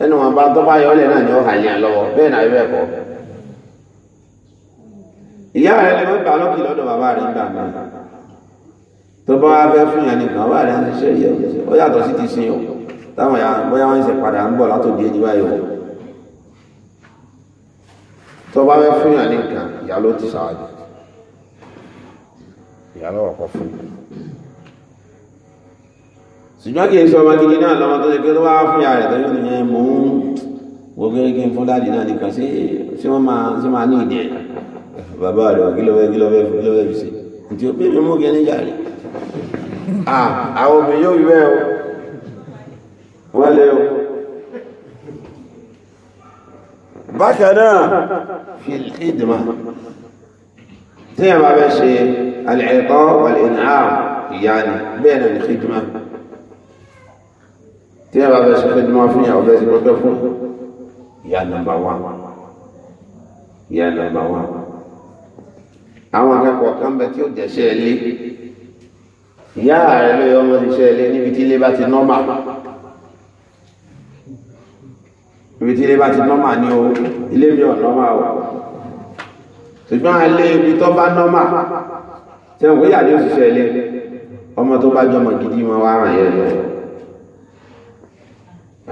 ẹnu wọn bá tọ́ bá yọ ọ́lẹ̀ náà ni ó bẹ́ẹ̀ náà ẹ̀kọ́ ìyá lè lọ́kì lọ́dọ̀ bàbá rẹ̀ ń gbà náà tó bá wá fẹ́ fún bàbá ń ṣiṣẹ́ yẹ ó yàtọ̀ o táwọn ya bóyá wọ́n ṣe padà ń bọ̀ látòdì ẹni o tó bá fẹ́ fún ìyá ló ti ṣùgbọ́n kì í sọ ọmọ gidi náà lọ́mọ tó ṣe pé tó wá fún ìyá rẹ̀ tó yóò nìyẹn mò ń wo gẹ́gẹ́ fún dáàdì náà nìkan sí ṣé wọ́n máa ṣé máa ní ìdí ẹ̀ bàbá rẹ̀ wà kílọ̀wẹ́ kílọ̀wẹ́ fún kílọ̀wẹ́ fi ṣe nti o bẹ́ẹ̀ mú gẹ́ni tí a bá bẹ́ ṣe alẹ́kọ́ alẹ́nàá ìyá ni bẹ́ẹ̀ náà ní ìdìmọ̀ tí ẹ bá fẹ́ sọ pé dùnmọ́ fún ìyàwó fẹ́ sí pé fún ìyá nọ́mbà wà ìyá nọ́mbà wà àwọn akẹ́kọ̀ọ́ kan bẹ tí ó jẹ́sẹ́ ilé ìyá rẹ̀ ló yọ ọmọ ìṣẹ́ ilé níbi tí ilé bá ti nọ́mà níbi tí ilé bá ti nọ́mà ní o ilé mi ò nọ́mà o ṣùgbọ́n ilé ibi tó bá nọ́mà tẹ̀wé yà ní òṣìṣẹ́ ilé ọmọ tó bá jọmọ gidi mọ́ wá ràn yẹn lọ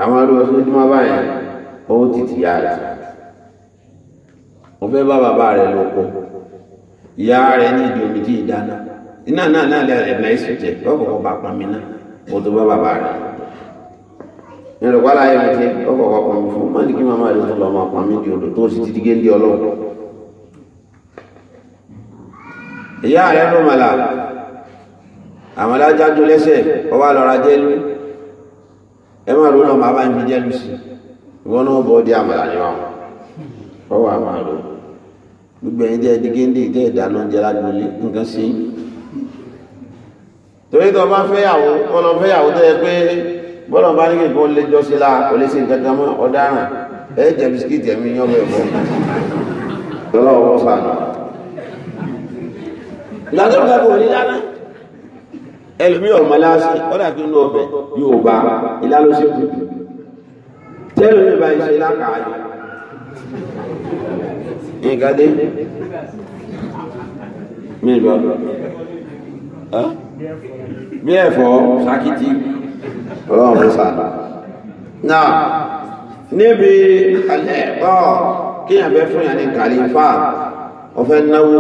àwọn arúgbó sójúmọ́ báyìí ó ti ti yá rẹ̀ wọ́n fẹ́ bá bàbá rẹ̀ lóko ìyá rẹ̀ ní ìdí omi tí ì dáná iná náà náà lè rẹ̀ náà ìsìn jẹ lọ́kọ̀ọ̀kọ̀ bá pọn mi náà mo tó bá bàbá rẹ̀ nínú wàhálà yẹn pọn mi fún kí màmá tó máa pọn mi di odò tó sì ti ẹ máa ro náà máa bá ń fi jẹ́ lùsì ìwọ náà bọ́ di àmàlà ni wọn ọwọ́ àmàlà ro gbogbo ẹ̀yin jẹ́ digéńdé ìdẹ́ ìdáná jẹ́ lágbóni nǹkan sí i torí tó bá fẹ́yàwó ọlọ́ fẹ́yàwó tó yẹ pé bọ́lọ̀ bá ní kí nǹkan lè jọ sí la kò lè ṣe nǹkan kan mọ́ ọ̀daràn ẹ jẹ bisikíìtì ẹ̀mí yán bẹ̀ bọ́ lọ́wọ́ sànù. ìgbà tó ń gbàgbọ́ òní dáná ẹlòmí ọmọ lásì ọdà tó nù ọbẹ yóò bá ilá ló ṣe kú tẹ́lẹ̀ ní bá iṣẹ́ lákàáyé nǹkan dé mi bọ bí ẹ̀fọ́ sakiti ọlọ́run ló sá náà níbi alẹ́ ọ̀ kéèyàn bẹ fún yàn ní kàlífà ọ̀fẹ́ náwó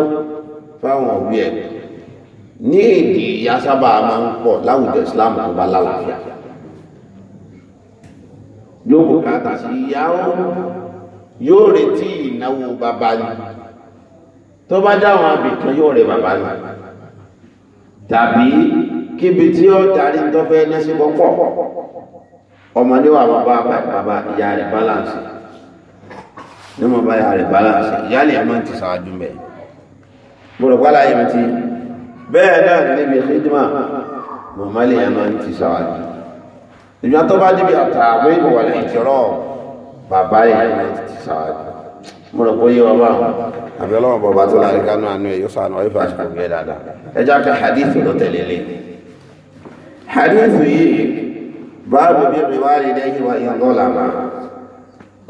fáwọn òbí ẹ̀ ní èdè ìyá sábà máa ń pọ̀ láwùjọ islam tó bá láwùjọ yóò bùkátà sí ìyá ó yóò retí ìnáwó bàbá ni tó bá dáwọn abìkan yóò rẹ bàbá ni tàbí kíbi tí ó darí tó fẹ́ ní sí pọ́pọ́ ọmọ níwà bàbá bàbá ìyá rẹ̀ báláǹsì ní mo bá ìyá rẹ̀ báláǹsì ìyá lè máa ti sàájú mẹ́ bẹ́ẹ̀ náà níbi hidima mọ̀mọ́ lè yẹn máa ń ti sáwájú ìjọ tó bá níbi àtàwọn ìbò wà lẹ́yìn tìrọ bàbá yẹn máa ń ti sáwájú mo rò pé yé wa bá àbí ọlọ́run bọ̀bá tó lárí kánú àánú ẹ̀ yóò sànù ọ̀yẹ́fà àṣìkò gbé e dáadáa ẹ ká hadith ló tẹ̀lé lé hadith yìí báàbù bí mi wá rí lẹ́yìn wa yẹn lọ́la máa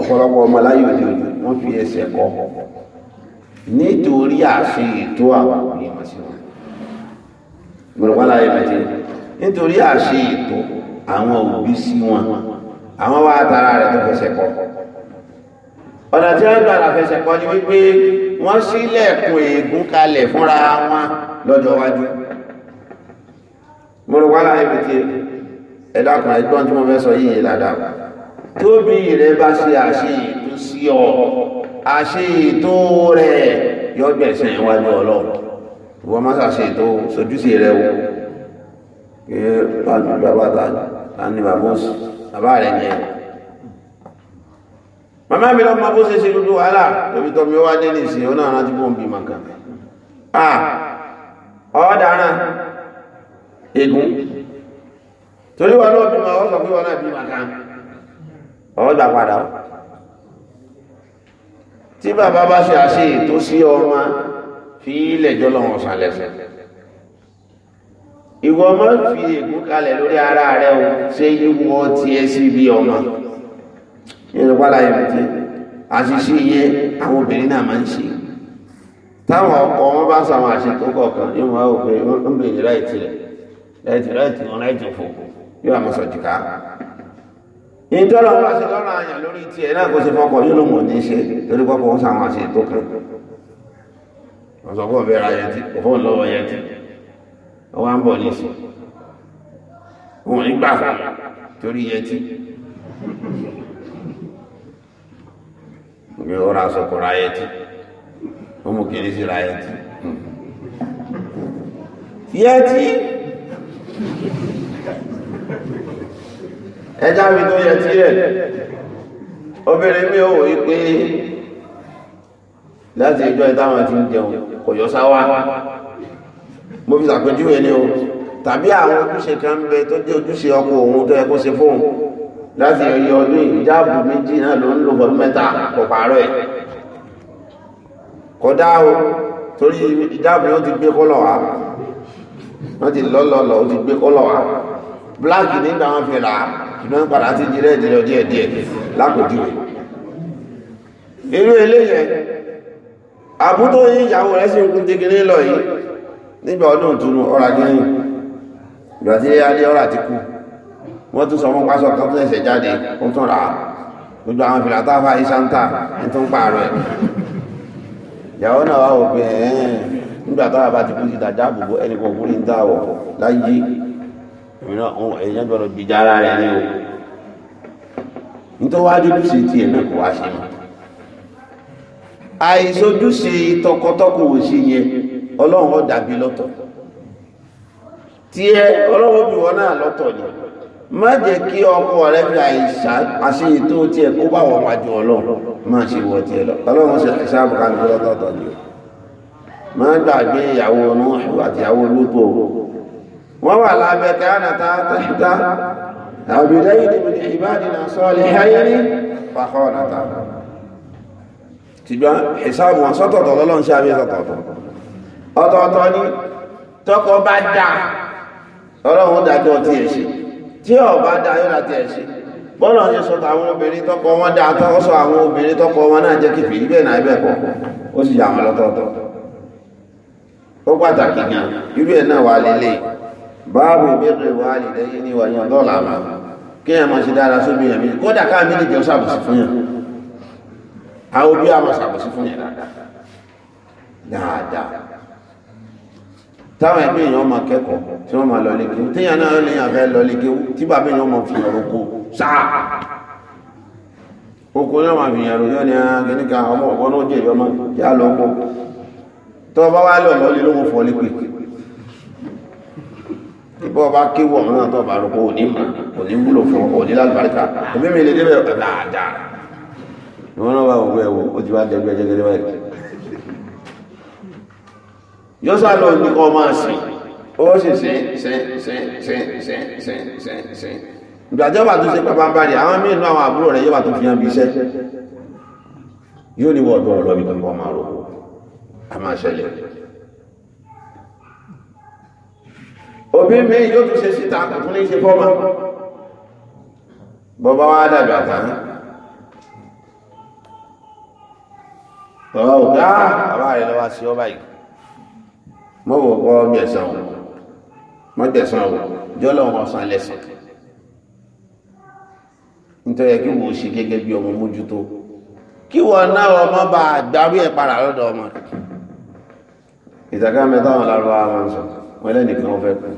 ọ̀pọ̀lọpọ̀ ọmọ láyé wọ́n fi ẹsẹ̀ kọ́ nítorí àṣe àwọn òye wọn ìgbọ̀rọ̀pá láyé bẹ̀tẹ̀ nítorí àṣe ètò àwọn òbí sí wọn àwọn wá tara rẹ̀ tó fẹsẹ̀ kọ́ ọ̀nà tí wọ́n gbàdà fẹsẹ̀ kọ́ ni wípé wọ́n sílẹ̀kùn ègún kalẹ̀ fúnra wọn lọ́jọ́ wájú ìgbọ̀rọ̀pá láyé bẹ̀tẹ̀ ẹ̀dàkùn àìgbọ́n tí mo fẹ́ sọ yìí ládàá tóbi rẹ̀ wọ́n má sàṣe tó sojúṣe rẹ̀ o pé bàbá ta ni bàbá rẹ̀ ni ẹ̀ màmá mi lọ́pàá bó ṣe ṣe dúdú wàhálà lóbi tọ́ mi wá dé ní ìsìn ọ̀nà àrántí bó ń bí màkà ah ọ̀ọ́dára egun torí wọn náà bí ma ọ sọ pé wọn náà bí màkà ọ̀ọ́dà padà tí bàbá bá ṣe àṣe ètò sí ọmọ fi ilẹ̀ jọlọ́wọ́ ọ̀sán lẹ́sẹ̀ ìwọ ọmọ fi ègún kalẹ̀ lórí ara rẹ o ṣe ìwọ ti ẹ sí bí ọmọ ìrọ̀pálá yẹn ti àṣìṣe iye àwọn obìnrin náà máa ń ṣe táwọn ọkọ wọn bá sàwọn àṣetò kọ̀ọ̀kan yóò máa wò pé wọn ń bèèrè láìtì rẹ láìtì láìtì wọn láìtì fò yóò àmọ́ sọ̀jìká ìjọba wọn bá ṣe lọ́rọ̀ àyàn lórí tiẹ̀ náà kó ṣe fọkọ̀ yóò lòun ò ní ṣe torí pọ́pọ́ wọn sàwọn àṣetò kan wọ́n sọ fún ọ̀bẹ̀ra yẹtí ọ̀fọ́ lọ́wọ́ yẹtí ọwọ́ ń torí yẹtí ìwé ọ̀rọ̀ asọ̀kọ̀ ra yẹtí ó mú ra yẹtí ẹja mi tó yẹtí rẹ̀ obìnrin mi ò láti ìjọ ìtawọn ti ń jẹun kò yọ sáwá mo fi ṣàpèjúwe ni o tàbí àwọn ojúṣe kan ń bẹ tó jẹ́ ojúṣe ọkọ òun tó yẹ kó ṣe fóun láti ẹ̀yẹ ọdún ìjáàbù méjì náà ló ń lò fọdún mẹ́ta kò ẹ̀ kódà o torí ìjáàbù yóò ti gbé kọ́lọ̀ wá wọ́n ti lọ́lọ́lọ́ ó ti gbé kọ́lọ̀ wá bíláàkì nígbà wọn fi là á ṣùgbọ́n padà ti jí rẹ́ẹ̀dì àbútó yí ìyàwó rẹ̀ sí ikú dégéré lọ yìí nígbà ọdún ìtùnú ọ̀rà gẹ́yìn ìgbà tí a ní ọ̀rà ti kú wọ́n tún sọ fún pásọ kan jáde ó tún rà gbogbo àwọn fìlà ìṣántà tó ń pààrọ̀ ẹ̀ ìyàwó náà wà òpin ẹ̀ẹ́n nígbà táwà bá ti kú ti dàjà àbùkù ẹni kan kú ní dáwọ̀ láyé àìsojúṣe tọkọtọkọ òṣì yẹn ọlọ́run ó dàbí lọ́tọ̀ tí ẹ ọlọ́run bí wọn náà lọ́tọ̀ ni má jẹ́ kí ọkọ rẹ fi àìsà àṣeyè tó kó bá wọn wájú ọlọ́run má ṣe wọ tiẹ̀ lọ ọlọ́run ni má gbàgbé ìyàwó ṣùgbọ́n ìṣàbù wọn sọ́tọ̀tọ̀ lọ́lọ́run ṣe àmì ọ̀tọ̀ọ̀tọ̀ ọ̀tọ̀ọ̀tọ̀ ni tọkọ bá dá ọlọ́run dájọ́ tí ẹ̀ ṣe tí ọ̀ bá dá yóò dá tí ẹ̀ ṣe bọ́ọ̀lù ọ̀ṣẹ́ sọ àwọn obìnrin tọkọ wọn dá tọkọ sọ àwọn obìnrin tọkọ wọn náà jẹ́ kìfì bẹ́ẹ̀ náà bẹ́ẹ̀ kọ́ ó sì yà wọn lọ́tọ̀ọ̀tọ̀ ó pàtàkì gan irú ẹ̀ náà wà lélẹ̀ báàbù ìbéèrè wà lélẹ̀ yìí ni wà yàn dọ́là kí ẹ̀ máa ṣe dára sóbi yàn mí kódà káà mí nìjọ sábùsì fún yàn àwọn òbí àwọn ṣàkóso fún yẹn dáadáa dáadáa táwọn ẹgbẹ́ èèyàn máa kẹ́kọ̀ọ́ tí wọ́n máa lọ lékè téèyàn náà lè yàn fẹ́ lọ lékè tí bàbá èèyàn máa fi ọ̀rọ̀ kó sáà oko náà máa fi yàn ròyìn ní akẹ́nìkan ah, ọmọ ọ̀gbọ́n náà jẹ́ ìyọ́mọ́ kí á lọ kó tó bá wá lọ lọ́lé ló ń fọ́ lépe ìbọn ọba kéwọ̀ náà tó bá rògbò òní mọ̀ òní wúlò fún òní lálùbáríkà òbí mi ni wọ́n náà bá wọ́n ẹ̀wọ̀ ó ti wá dẹ̀gbẹ́ jẹ́gẹ́dẹ́ báyìí yóò sá lọ ní kọ́ máa sìn ó sì sìn sìn sìn sìn sìn sìn sìn sìn ìgbàjọba tó ṣe pápá ń bá rí àwọn míì nú àwọn àbúrò rẹ̀ yóò tó fi hàn bí iṣẹ́ yóò ní wọ́ọ̀dọ́ ọ̀rọ̀ mi kankan máa rò a máa ṣẹlẹ̀ òbí mi yóò tún ṣe síta kò tún ní ṣe fọ́ọ̀mà bọ́bá wa dàgbà tán bàbá ò dá ah. bàbá rẹ̀ lọ́wọ́ sí ọba yìí mọ́ wò kọ́ jẹ̀sán o mọ́ jẹ̀sán o jọ́lọ́ wọn san lẹ́sìn nítorí kí wọ́n ṣe gẹ́gẹ́ bí ọmọ mójútó kí wọ́n náà ọmọ bá dárí ẹ̀ para lọ́dọ̀ ọmọ rẹ̀ ìtàkà mẹ́ta wọn lárọ́ àwọn sọ wọn lẹ́nìkan fẹ́ pẹ́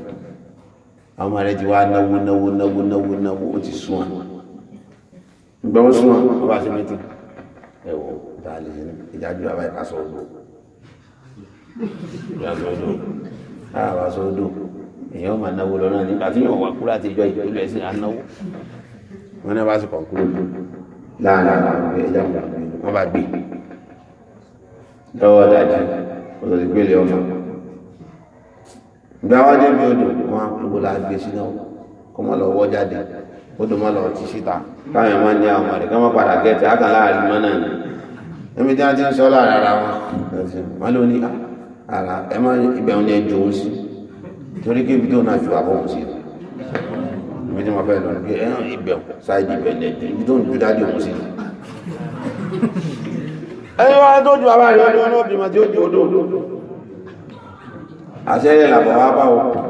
àwọn rẹ̀ ti wá náwó náwó náwó náwó náwó ó ti sún wọn gbọ́n sún wọn wọ́n bá ṣe ẹ wò tá a lè ṣe ìdájọ́ àbá ìpàṣọ odò ìpàṣọ odò tá a bá sọ odò èèyàn máa náwó lọ náà nígbà tí yóò wà kúrò àti ìjọ ìjọ ìlú ẹsìn ànáwó wọn náà bá sì kàn kúrò láàrin àwọn ọmọ ẹja wọn bá gbé lọ́wọ́ dájú ọ̀dọ̀ ti gbélé ọmọ ìgbà wọn débi odò wọn á kúrò láàgbé sínáwó kọmọ lọ wọ jáde kó tó mọ́ lọ ti síta káwọn ẹ̀wọ̀n ní àwọn rẹ̀ káwọn padà gẹ̀ẹ́tì á kàn láàrin mọ́ náà ni ẹ̀mí tí wọ́n ti ń sọ láàrin ara wọn wọ́n ló ní ara ẹ̀ má ibẹ̀ wọn ni ẹ jò ó sí torí kí ibi tó náà ju àbọ̀ wọn sí ibi tí wọ́n fẹ́ lọ ní ẹ̀rọ ibẹ̀ sáìdì ibẹ̀ ní ẹ̀jẹ̀ ibi tó ń ju dájú wọn sí ẹni wá tó ju abáyọ̀ ọdún ọdún ọdún àti ó ju odò àṣẹ yẹn làbọ̀ wá bá wọn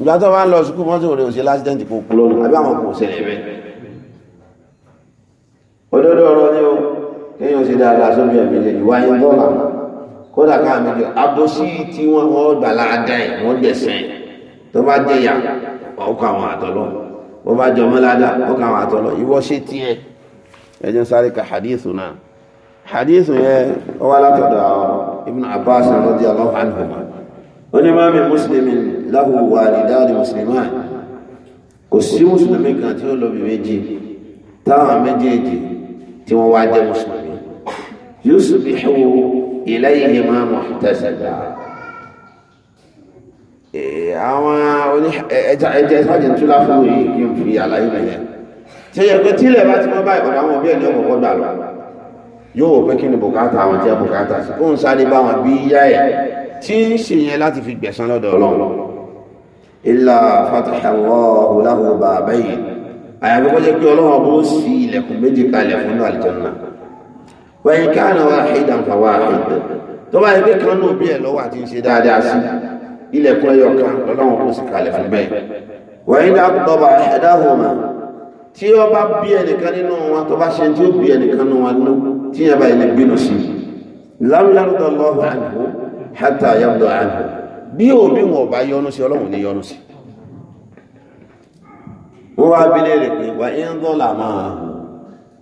ìgbà tó bá ń lọ sùkúù mọ́tò rẹ̀ ò ṣe kò kú lónìí àbí àwọn kò ṣẹlẹ̀ bẹ́ẹ̀ òdodo ọ̀rọ̀ ni o kéèyàn ṣe dáadáa sóbi lè wá yín kódà tí wọ́n wọ́n gbà láàdá ẹ̀ wọ́n gbẹ̀sẹ̀ tó bá jẹ́ ìyá ọkọ̀ àwọn àtọ̀lọ́ bá jẹ ọmọ ládàá ọkọ̀ àwọn àtọ̀lọ́ ṣe ẹ jẹ́ sáré ka hadithu náà hadithu yẹn Abbas onímọ̀ mi mùsùlùmí láhùn wà nídáàdì mùsùlùmá kò sí mùsùlùmí kan tí ó lọ bí méjì táwọn méjèèjì tí wọ́n wá jẹ́ mùsùlùmí yusbihu ilayhi ma muhtasaba àwọn oní ẹja ẹja ìsájì tún láfún òye kí n fi àlàyé rẹ̀ yẹn tí ó yẹ pé tílẹ̀ bá ti mọ́ báyìí kọ̀dọ̀ àwọn òbí ẹ̀ ní ọ̀pọ̀ gbà yóò pé kí ni bùkátà àwọn tí ẹ bùkátà sí kó ń sáré bá bí yá ẹ̀ tí ń ṣe yẹn láti fi gbẹ̀san lọ́dọ̀ ọlọ́run ilá fatahàwọ́ láhùn bá bẹ́yìn àyàfi kó jẹ́ pé ọlọ́run bó sí ilẹ̀kùn méjì kalẹ̀ fún àlìjọ́nà wẹ́yìn ká àwọn àhídàn fàwọn àhídàn tó bá yẹ pé kan náà bí ẹ̀ lọ́wọ́ àti ń ṣe dáadáa sí ilẹ̀kùn ẹyọ kan ọlọ́run bó sì kalẹ̀ fún bẹ́ẹ̀ wẹ́yìn dákùtọ́ba ẹ̀dáhùnmá tí ó bá bí ẹnìkan nínú wọn tó bá ṣe tí ó bí ẹnìkan nínú wọn tí yẹn bá ilẹ̀ gbénu sí lámúlárúdọ̀ lọ́wọ́ àdúgbò hátà yàbùdọ̀ àánú bí òbí wọn bá yọnu sí ọlọ́run ní yọnu sí wọ́n wá bí léèrè pé wà ń dọ́là máa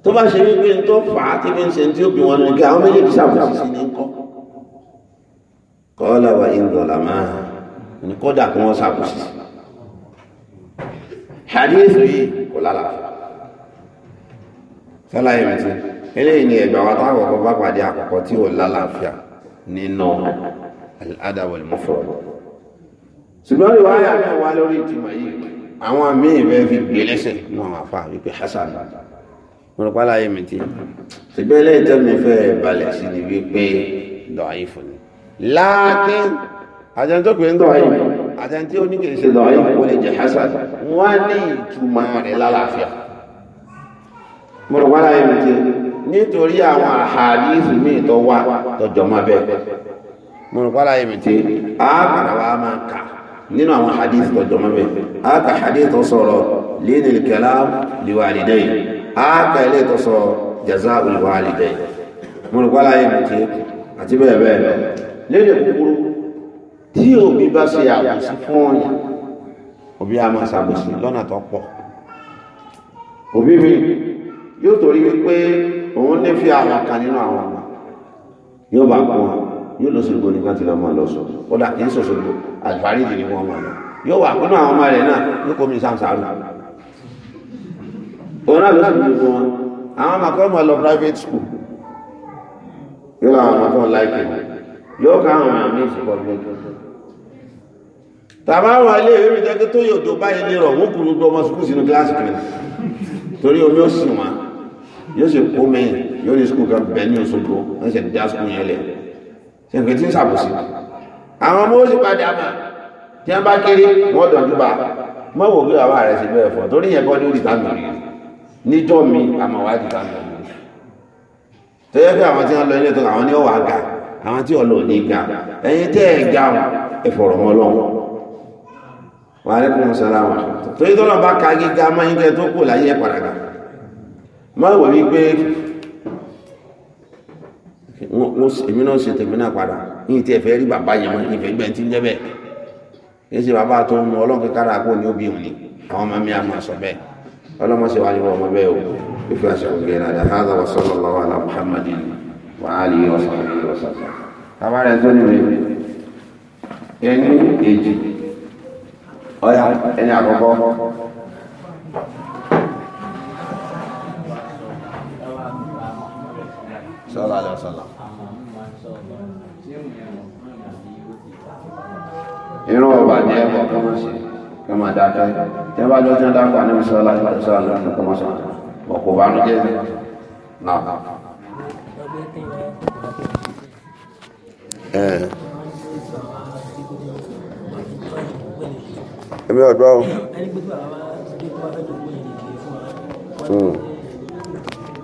tó bá ṣe wípé ń tó fà á tí fi ń ṣe tí ó bí wọn nìkan àwọn méjèèjì ṣàbùsí ní kọ́ kọ́lá wà ń dọ́là ní kódà kí wọ́n ṣàbùsí hadith yìí kò lálàáfíà sálàyé mẹ́tí eléyìí ni ẹ̀gbà wa táwọn ọkọ̀ bá pàdé àkọ́kọ́ tí ò lálàáfíà nínú al-adab al-mufrad ṣùgbọ́n rí wáyà náà wá lórí ìtìmọ̀ yìí àwọn míì bẹ́ẹ̀ fi gbé lẹ́sẹ̀ náà àfa wípé hasan mo pa láyé mi ti ṣùgbọ́n ilé ìtọ́ mi fẹ́ balẹ̀ sí ni wípé dọ̀ayífò ni láàkín àjẹn tó nítorí àwọn àhàdíìsì míì tó wà tọjọ mọ bẹ́ẹ̀ mo mi ti a padà wà ma kà nínú àwọn a kà àhàdíìsì tó sọ̀rọ̀ a kà ilé tó sọ jaza mi ti àti bẹ́ẹ̀ bẹ́ẹ̀ kúkúrú tí òbí bá ṣe fún òbí a máa ṣàbòsí lọ́nà tó pọ̀ òbí mi yóò torí wípé òun ní fi àwọn kan nínú àwọn ọmọ yóò bá kún wọn yóò lọ sórí gbòòrò nǹkan tí lọ́mọ lọ sọ ó dà kí n sọ̀sọ̀ gbò àlùfáàríjì ni wọ́n mọ̀ lọ yóò wà kúnnú àwọn ọmọ rẹ̀ náà yóò kó mi sàmsàrù òun náà lọ sí wọn àwọn ọmọ akọ́mọ lọ private school yóò lọ àwọn ọmọ kan láìpẹ́ yóò ká àwọn ọmọ mi ìsìnkọ́ lọ́jọ́ tàbá àwọn ilé ìwé mi jẹ́ kí tó yòdó báyìí lérò wọ́n kúrú gbọmọ sukùl sínú kíláàsì kan torí omi ó sùn wọn yóò sì kó mi yóò ní skul kan bẹ ní Òṣogbo wọn sì dá skul yẹn lẹ ṣe nǹkan tí ń ṣàbòsí àwọn ọmọ ó sì padà mà tí wọn bá kéré wọn dọ̀jú bá mọ wò pé bàbá rẹ bẹ́ẹ̀ fọ torí yẹn kọ́ ní orí níjọ́ mi àmọ́ wá di tàmì rí tó yẹ pé àwọn tí wọn lọ ilé tó àwọn ní ọwọ́ àga àwọn tí wọn lò ní ga ẹ̀yin tẹ́ ẹ̀ ga wọn ẹ fọ̀rọ̀ wọn lọ́wọ́ wàhálà kò ń sọ láwọn má wò ní pé èmi náà ṣe tèmi náà padà ní ti ẹ̀fẹ́ rí bàbá yẹn ìfẹ́ gbẹ́ tí ń jẹ́ bẹ́ẹ̀ kí ṣe bàbá tó ń mú ọlọ́run kó ní òbí òun àwọn ọmọ mi máa sọ bẹ́ẹ̀ ọlọ́mọ ọmọ bẹ́ẹ̀ o ìfẹ́ àṣẹ òkè sallallahu alaihi wasallam. irú ọba ní ẹ̀kọ́ tó máa ṣe kí wọ́n máa dáadáa tẹ́ bá jọ́ tí wọ́n dákọ̀ àníbi sọ́lá àti sọ́lá lọ́nà kọ́ máa sọ́lá bá ń náà. èmi ọ̀dọ́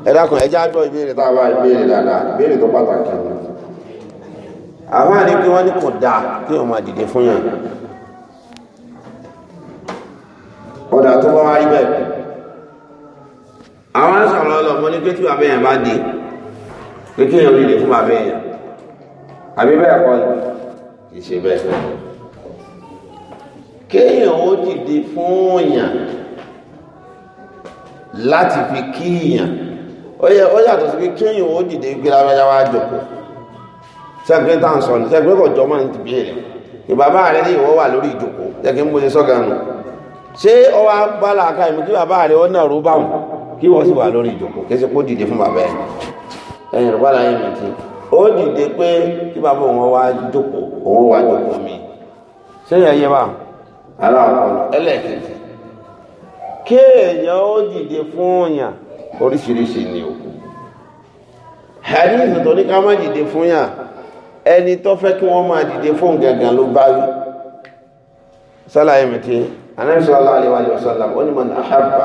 ẹ dákun ẹ já dọ̀ ìbéèrè tá a bá ìbéèrè dáadáa ìbéèrè tó pàtàkì ni àwọn àdékí wọn ní kò dáa kí wọn máa dìde fún yàn ọ̀dà tó bá wá rí bẹ́ẹ̀ àwọn sọ̀rọ̀ ọlọ́mọ ní pé tí bàbá yẹn bá dé pé kí èèyàn dìde fún bàbá yẹn àbí bẹ́ẹ̀ kọ́ ni ìṣe bẹ́ẹ̀ kéèyàn ó dìde fún yàn láti fi kí O yẹ ó yàtọ̀ sí pé kéèyàn ó dìde gbé lábẹ́já wá jòkó ti bíèrè kí bàbá rẹ ní ìwọ wà lórí ìjòkó jẹ́kí ṣe sọ́gà ṣé ọ wá bá làákà kí bàbá rẹ náà rú kí sì wà lórí ìjòkó kí dìde fún bàbá ó dìde pé kí bàbá òun wá jòkó òun oríṣiríṣi ni òkú hadith tó ní ká má dìde fún yà ẹni tó fẹ́ kí wọ́n máa dìde fún gangan ló bá rí sálàyé mẹ́tí Ànábì sallallahu alaihi wa sallam ó ní man ahabba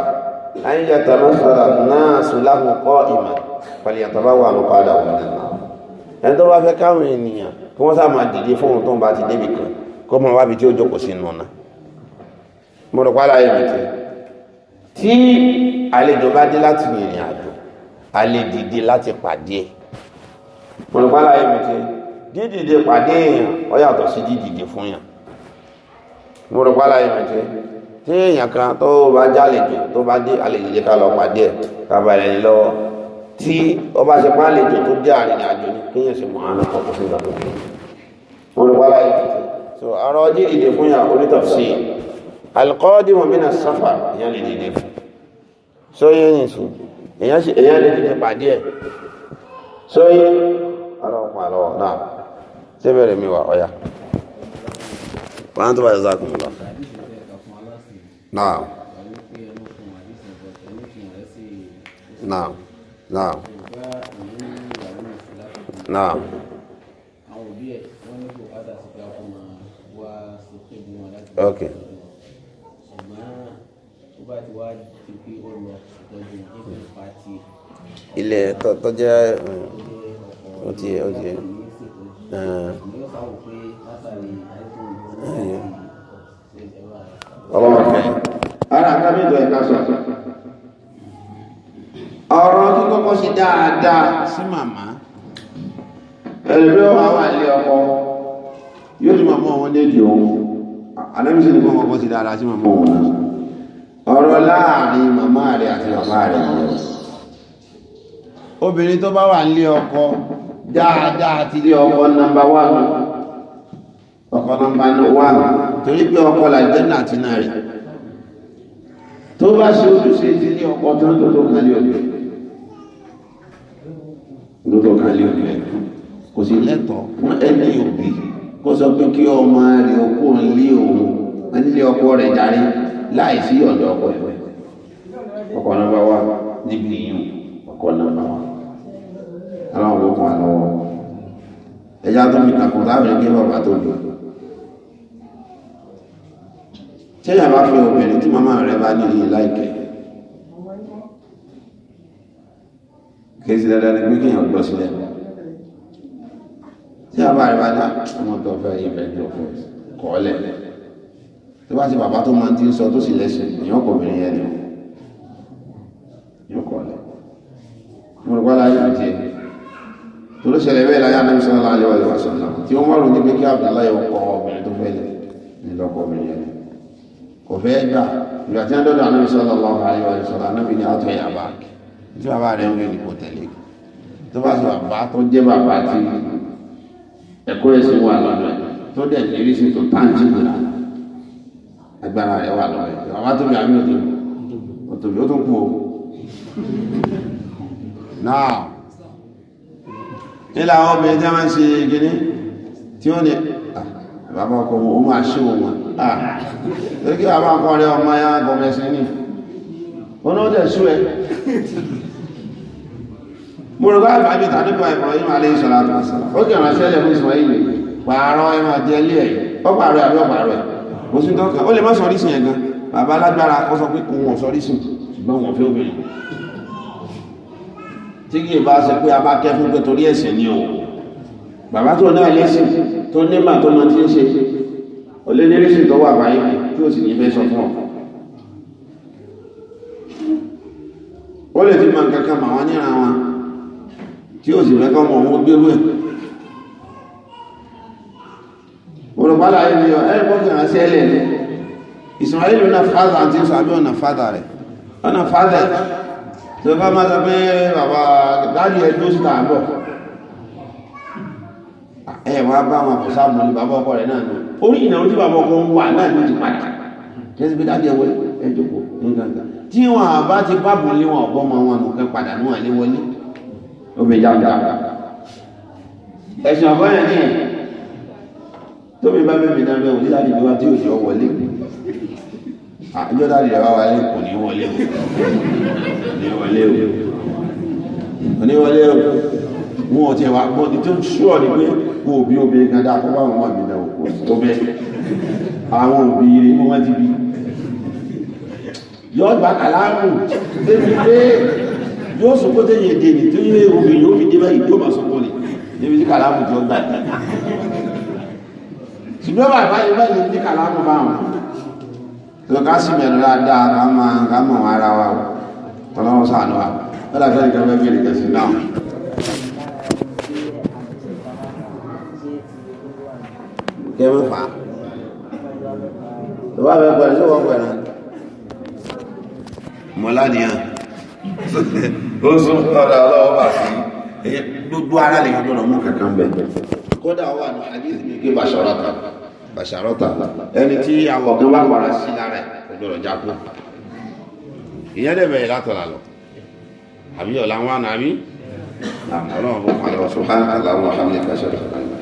an yatamassala an-nasu lahu qa'iman falyatabawwa maq'adahu minan nar ẹni tó bá fẹ́ káwọn ènìyàn kí wọ́n sá máa dìde fún tó ń bá ti débì kan kó máa wábi tí ó jókòó sínú náà mo tí àlejò bá dé láti ìrìn àjò àlejìdé láti pàdé pọ̀lọpàá láyé mi ti dídìde pàdé èèyàn ó yàtọ̀ sí dídìde fún yàn pọ̀lọpàá láyé mi ti tí èèyàn kan tó bá jálejò tó bá dé àlejìdé ká lọ pàdé ẹ̀ kábà ẹni lọ́wọ́ tí ó bá ṣe pálejò tó dé àrìn àjò ní kéèyàn sì mọ̀ àná kọ̀ọ̀kan sí ìgbà tó dé pọ̀lọpàá láyé mi ti so àrọ̀ dídìde fún yàn onítọ̀sí alqadimu mina safar yẹn lè dìde fún sóyé nìsín èèyàn sì èèyàn lè tètè pàdé ẹ̀ sóyé ọlọ́pàá àlọ́wọ́ náà ṣé bẹ̀rẹ̀ mi wà ọ̀yà wọ́n tó bá yẹ zákùn lọ. náà náà náà náà. Okay. ilẹ̀ tó jẹ́ ó ti ó ti ọlọ́wọ́ fẹ́ ara àtàbíjọ ẹ̀ka sọ ọ̀rọ̀ kíkọ́kọ́ sí dáadáa sí màmá ẹ̀rẹ̀bẹ́ wà wà lé ọkọ yóò tún màmá wọn lédi òun alẹ́mísí ní kọ́kọ́ sí dáadáa sí màmá wọn ọ̀rọ̀ láàrin màmá rẹ̀ àti bàbá rẹ̀ obìnrin tó bá wà nílé ọkọ dáadáa ti lé ọkọ nọmba wán ọkọ nọmba wán torí pé ọkọ làjẹ́nà àti náà rẹ̀ tó bá ṣe ojúṣe ti ní ọkọ tó ń tó kàn lé ọdún ló tó kàn lé ọdún kò sí lẹ́tọ̀ọ́ fún ẹni òbí kó sọ pé kí ọmọ rẹ̀ okó ń lé òun nílé ọkọ rẹ̀ darí láì sí ọ̀dọ̀ ọkọ ẹ̀ ọkọ nọmba wán níbi ìyún ọkọ nọmba wán ọlọ́run ló kàn án lọ́wọ́ ẹja tó fi kàkó láàbẹ̀ gé bàbá tó dùn tẹ́yà bá fi obìnrin tí màmá rẹ̀ bá ní ìyìn láìkẹ́ kéèsì dáadáa ni pé kéèyàn gbọ́ sílẹ̀ tí a bá rẹ̀ bá dá ah, ọmọ tó fẹ́ ìfẹ́ tó fẹ́ kọ́ọ́lẹ̀ tó bá ti bàbá tó máa ti ń sọ tó sì lẹ́sìn èèyàn kò bìnrin yẹn ni ó kọ́ọ́lẹ̀ mo rò wá láyé àti ẹ̀ ló ṣẹlẹ̀ bẹ́ẹ̀ láyé anábì sọ́nà láàrin wàlẹ̀ wà sọ́nà tí ó mọ̀rún ní pé kí Abdullahi ọkọ̀ obìnrin tó fẹ́ nílọ́kọ̀ obìnrin yẹn kò fẹ́ gbà ìgbà tí wọ́n dọ́dọ̀ anábì sọ́nà lọ́wọ́ àríwá sọ́nà anábì ni àtọ̀ yà bá tí bàbá rẹ̀ ń rìn ní kò tẹ̀lé tó bá sọ bàbá tó jẹ́ bàbá nílà àwọn obìnrin tí a máa ń ṣe gini tí ó ní bàbá ọkọ wọn òun àṣíwò wọn àà kí bàbá ọkọ rẹ ọmọ ya gọmẹsì ní ọ̀nà ó dẹ̀ sú ẹ mo rò bá bàbí tàbípa Ibrahim alayhi salatu wassalam ó kì ránṣẹ́ lẹ̀ fún Ismail pààrọ̀ ẹran àti ẹlẹ́ ẹ̀ ó pààrọ̀ àbí ọ̀pààrọ̀ ẹ̀ kò sí tọ́ka ó lè má sọ orísun yẹn gan bàbá alágbára kọ́ sọ pé kò wọ̀n sọ tí kìí bá ṣe pé a bá kẹ́ fún pé torí ẹ̀sẹ̀ ni o bàbá tó náà lẹ́sìn tó nímà tó máa ti ń ṣe ò lé ní lẹ́sìn tó wà báyìí tí ó sì ní fẹ́ sọ fún ọ. ó lè ti máa kankan mà wọ́n níra wọn tí ó sì fẹ́ kọ́ mọ̀ wọ́n gbérú ẹ̀. olùpàdà rẹ̀ tí ó bá máa sọ pé bàbá dájú ẹjọ́ síta àbọ̀ ẹ wá bá wọn àpò sáà mọ́lẹ̀ bàbá ọkọ rẹ̀ náà nù orí ìnáwó tí bàbá ọkọ ń wà náà ló ti padà kẹsí pé dájú ẹwọ ẹjọ́ kò nígbàgbà tí wọn àbá ti bábù lé wọn ọgbọ́n máa wọn nùkẹ́ padà ní wọn léwọlé obì jàǹdà ẹ̀sùn àbáyẹ̀ ní tóbi bá bẹ́ẹ̀ mi náà bẹ́ẹ̀ òní láti ìlú tí òṣèlú àjọ ah, dájú ẹ̀ bá wálé kò ní wọlé o ní wọlé o kò ní wọlé o wọn ò tiẹ̀ wá gbọ́ ní tó ń ṣú ọ ní pé kó o bí obìnrin kan kó bá wọn wà mí náà tó bẹ́ẹ̀ àwọn òbí rẹ̀ mọ́ wọn ti bí yọ ọgbà kàlámù débi pé yóò sọ pé tẹ̀yìn èdè tó yẹ obìnrin yóò fi dé báyìí tó máa sọ pọ̀ ní débi tí kàlámù jọ gbà ṣùgbọ́n bàbá yìí báyìí ní kàlámù bá tó ká sì bẹ̀rù dáadáa ká máa ká mọ̀ ara wa o tọ́lọ́wọ́ sànù wa ó dàbí ẹnìkan fẹ́ bèrè kẹsì náà. kẹ́ mẹ́fà tó bá bẹ pẹ̀lú tó wọ́n pẹ̀lú mọ́lá nìyà ó bàṣàrọ́tà ẹni tí àwọ̀ kan bá wàrà sí lára ẹ̀ kò gbọ́dọ̀ jagun ìyẹn dẹ̀ bẹ̀rẹ̀ látọ̀lá lọ àbí ọ̀la wọn àná àbí ọlọ́run fún wa lọ sọ fún